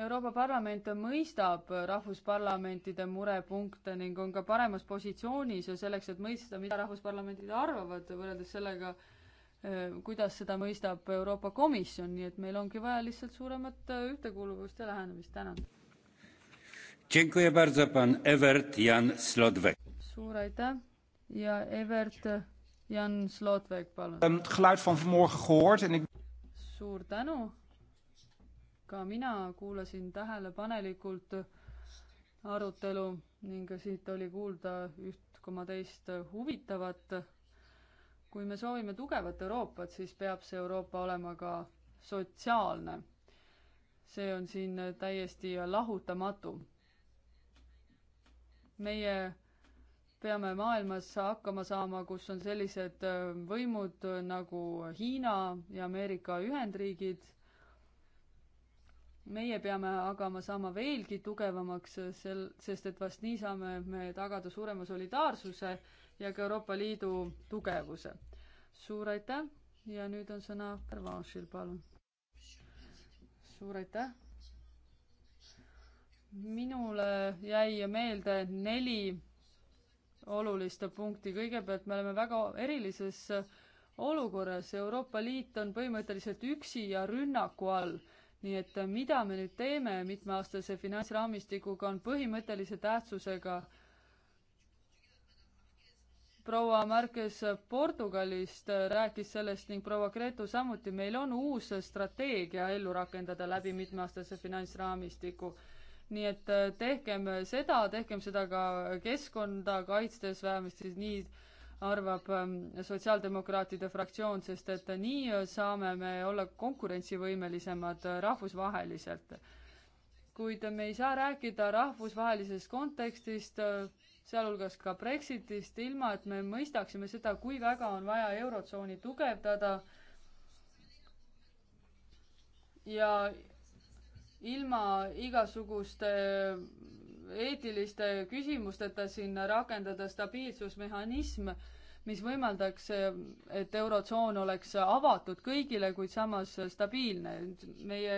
Euroopa Parlament mõistab rahvusparlamentide murepunkte ning on ka paremas positsioonis ja selleks, et mõista, mida rahvusparlamendid arvavad võrreldes sellega, eh, kuidas seda mõistab Euroopa Komisjon, nii et meil ongi vaja lihtsalt suuremat eh, ühtekuuluvust ja lähenemist, tänan. suur aitäh ja Evert Jan Slotweg, palun um,. Het geluid van vanmorgen gehoord en ik. suur tänu. ka mina kuulasin tähelepanelikult arutelu ning siit oli kuulda üht koma teist huvitavat. kui me soovime tugevat Euroopat, siis peab see Euroopa olema ka sotsiaalne. see on siin täiesti lahutamatu. meie peame maailmas hakkama saama, kus on sellised äh, võimud nagu Hiina ja Ameerika Ühendriigid. meie peame hagama saama veelgi tugevamaks sel, sest et vast nii saame me tagada suurema solidaarsuse ja ka Euroopa Liidu tugevuse. suur aitäh ja nüüd on sõna Pervanšil, palun. suur aitäh minule jäi meelde neli olulist punkti. kõigepealt me oleme väga erilises olukorras, Euroopa Liit on põhimõtteliselt üksi ja rünnaku all. nii et mida me nüüd teeme mitmeaastase finantsraamistikuga, on põhimõttelise tähtsusega. proua Marques Portugalist rääkis sellest ning proua Gretu samuti, meil on uus strateegia ellu rakendada läbi mitmeaastase finantsraamistiku nii et äh, tehkem seda, tehkem seda ka keskkonda kaitstes, vähemasti nii arvab ähm, Sotsiaaldemokraatide fraktsioon, sest et nii saame me olla konkurentsivõimelisemad rahvusvaheliselt. kuid me ei saa rääkida rahvusvahelisest kontekstist, äh, sealhulgas ka Brexitist, ilma et me mõistaksime seda, kui väga on vaja Eurotsooni tugevdada ja ilma igasuguste äh, eetiliste küsimusteta sinna rakendada stabiilsusmehhanism, mis võimaldaks, äh, et Eurotsoon oleks avatud kõigile, kuid samas stabiilne. meie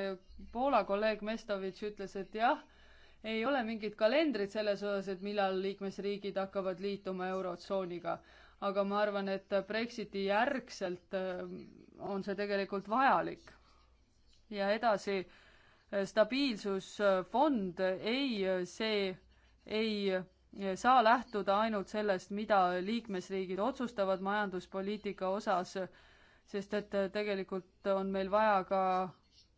Poola kolleeg Mestovitš ütles, et jah, ei ole mingit kalendrit selles osas, et millal liikmesriigid hakkavad liituma Eurotsooniga. aga ma arvan, et Brexiti järgselt äh, on see tegelikult vajalik. ja edasi stabiilsusfond, ei, see ei saa lähtuda ainult sellest, mida liikmesriigid otsustavad majanduspoliitika osas, sest et tegelikult on meil vaja ka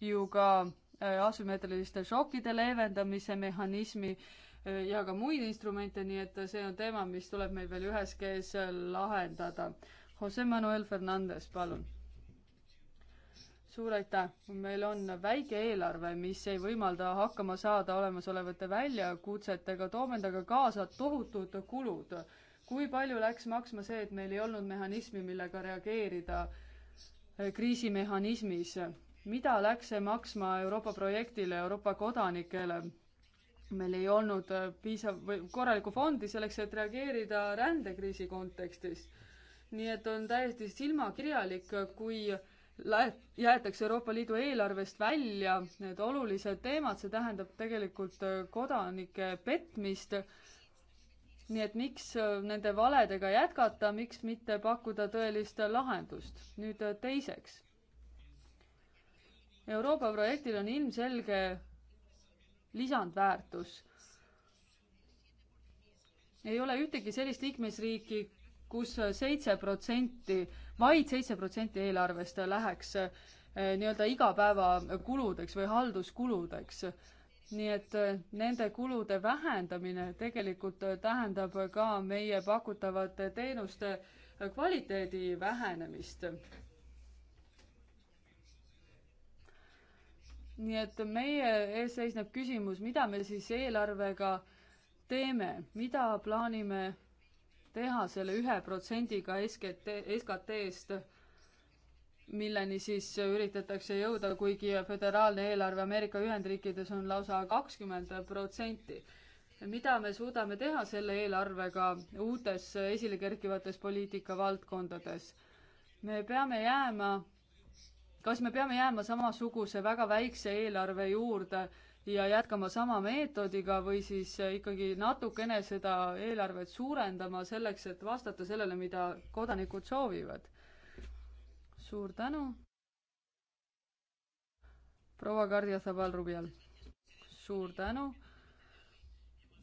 ju ka äh, asümmeetriliste šokkide leevendamise mehhanismi äh, ja ka muid instrumente, nii et see on teema, mis tuleb meil veel ühes kees äh, lahendada. Jose Manuel Fernandez, palun suur aitäh, meil on väike eelarve, mis ei võimalda hakkama saada olemasolevate väljakutsetega, toob endaga kaasa tohutud kulud. kui palju läks maksma see, et meil ei olnud mehhanismi, millega reageerida eh, kriisimehhanismis? mida läks see maksma Euroopa projektile, Euroopa kodanikele? meil ei olnud eh, piisav või korralikku fondi selleks, et reageerida rändekriisi kontekstis. nii et on täiesti silmakirjalik, kui jäetakse Euroopa Liidu eelarvest välja need olulised teemad, see tähendab tegelikult äh, kodanike petmist. nii et miks äh, nende valedega jätkata, miks mitte pakkuda tõelist lahendust? nüüd äh, teiseks. Euroopa projektil on ilmselge lisandväärtus. ei ole ühtegi sellist liikmesriiki kus, kus seitse protsenti vaid seitse protsenti eelarvest läheks eh, nii-öelda igapäevakuludeks või halduskuludeks. nii et eh, nende kulude vähendamine tegelikult eh, tähendab ka meie pakutavate teenuste kvaliteedi vähenemist nii et meie ees seisneb küsimus, mida me siis eelarvega teeme, mida plaanime teha selle ühe protsendiga SKT, SKT-st, milleni siis üritatakse jõuda, kuigi föderaalne eelarve Ameerika Ühendriikides on lausa kakskümmend protsenti. mida me suudame teha selle eelarvega uutes esile kerkivates poliitikavaldkondades? me peame jääma, kas me peame jääma samasuguse väga väikse eelarve juurde, ja jätkama sama meetodiga või siis ikkagi natukene seda eelarvet suurendama selleks, et vastata sellele, mida kodanikud soovivad. suur tänu. proua Kardia Zabal-Rubial, suur tänu.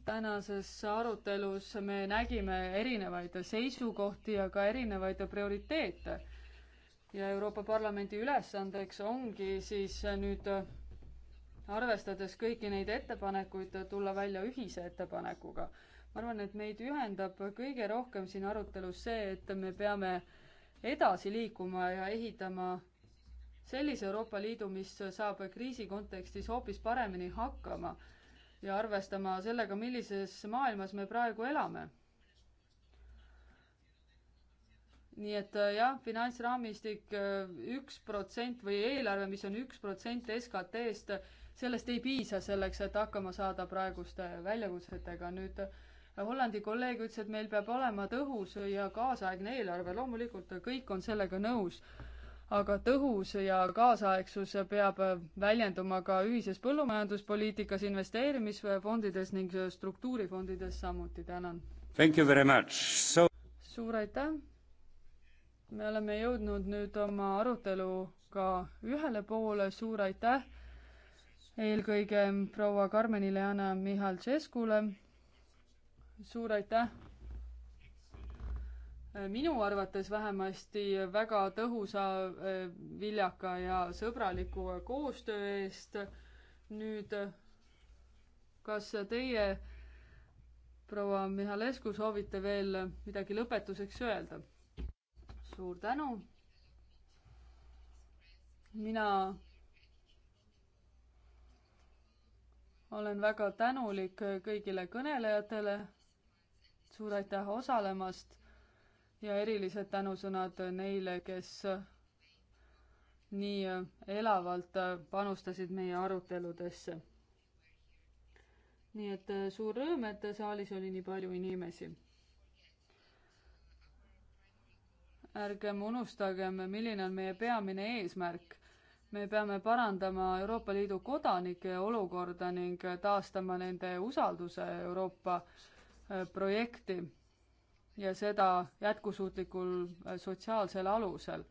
tänases arutelus me nägime erinevaid seisukohti ja ka erinevaid prioriteete. ja Euroopa Parlamendi ülesandeks ongi siis nüüd arvestades kõiki neid ettepanekuid, tulla välja ühise ettepanekuga. ma arvan, et meid ühendab kõige rohkem siin arutelus see, et me peame edasi liikuma ja ehitama sellise Euroopa Liidu, mis saab kriisi kontekstis hoopis paremini hakkama ja arvestama sellega, millises maailmas me praegu elame. nii et jah, finantsraamistik äh, üks protsent või eelarve, mis on üks protsent SKT-st, SKT sellest ei piisa selleks, et hakkama saada praeguste väljakutsetega. nüüd Hollandi kolleeg ütles, et meil peab olema tõhus ja kaasaegne eelarve, loomulikult kõik on sellega nõus, aga tõhus ja kaasaegsus peab väljenduma ka ühises põllumajanduspoliitikas, investeerimisfondides ning struktuurifondides samuti, tänan. So... suur aitäh! me oleme jõudnud nüüd oma aruteluga ühele poole, suur aitäh! eelkõige proua Karmenile ja Anna Mihhailtšeskule. suur aitäh! minu arvates vähemasti väga tõhusa, eh, viljaka ja sõbraliku koostöö eest. nüüd, kas teie, proua Mihhailescu, soovite veel midagi lõpetuseks öelda? suur tänu! mina olen väga tänulik kõigile kõnelejatele. suur aitäh osalemast ja erilised tänusõnad neile, kes nii elavalt panustasid meie aruteludesse. nii et suur rõõm, et saalis oli nii palju inimesi. ärgem unustagem, milline on meie peamine eesmärk me peame parandama Euroopa Liidu kodanike olukorda ning taastama nende usalduse Euroopa äh, projekti ja seda jätkusuutlikul äh, sotsiaalsel alusel.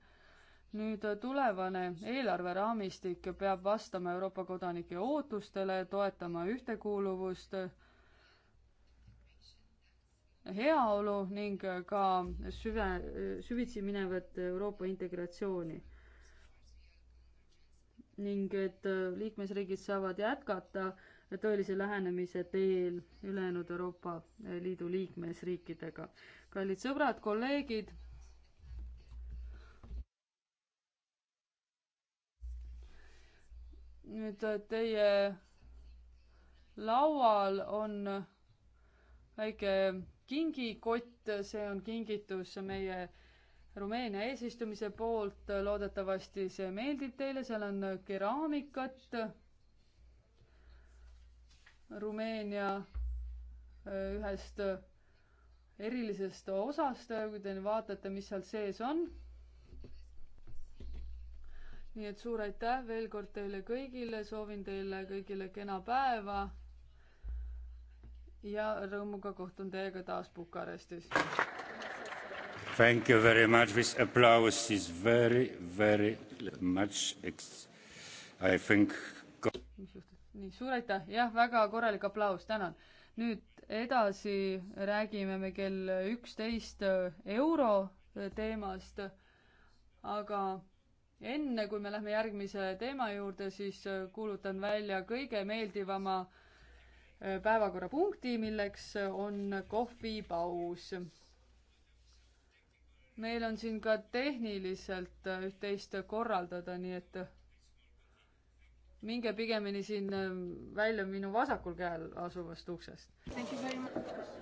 nüüd äh, tulevane eelarveraamistik peab vastama Euroopa kodanike ootustele, toetama ühtekuuluvust, heaolu ning ka süve, süvitsi minevat Euroopa integratsiooni ning et äh, liikmesriigid saavad jätkata tõelise lähenemise teel ülejäänud Euroopa äh, Liidu liikmesriikidega. kallid sõbrad, kolleegid, nüüd äh, teie laual on väike kingikott, see on kingitus meie Rumeenia eesistumise poolt, loodetavasti see meeldib teile, seal on keraamikat. Rumeenia äh, ühest äh, erilisest osast, äh, kui te vaatate, mis seal sees on. nii et suur aitäh veel kord teile kõigile, soovin teile kõigile kena päeva. ja rõõmuga kohtun teiega taas Bukarestis. Thank you very much. This applause is very, very much ex-, I think. nii, suur aitäh, jah, väga korralik aplaus, tänan. nüüd edasi räägime me kell üksteist äh, euro äh, teemast, aga enne, kui me lähme järgmise teema juurde, siis äh, kuulutan välja kõige meeldivama päevakorrapunkti, milleks on kohvipaus meil on siin ka tehniliselt äh, üht-teist korraldada, nii et äh, minge pigemini siin äh, välja minu vasakul käel asuvast uksest.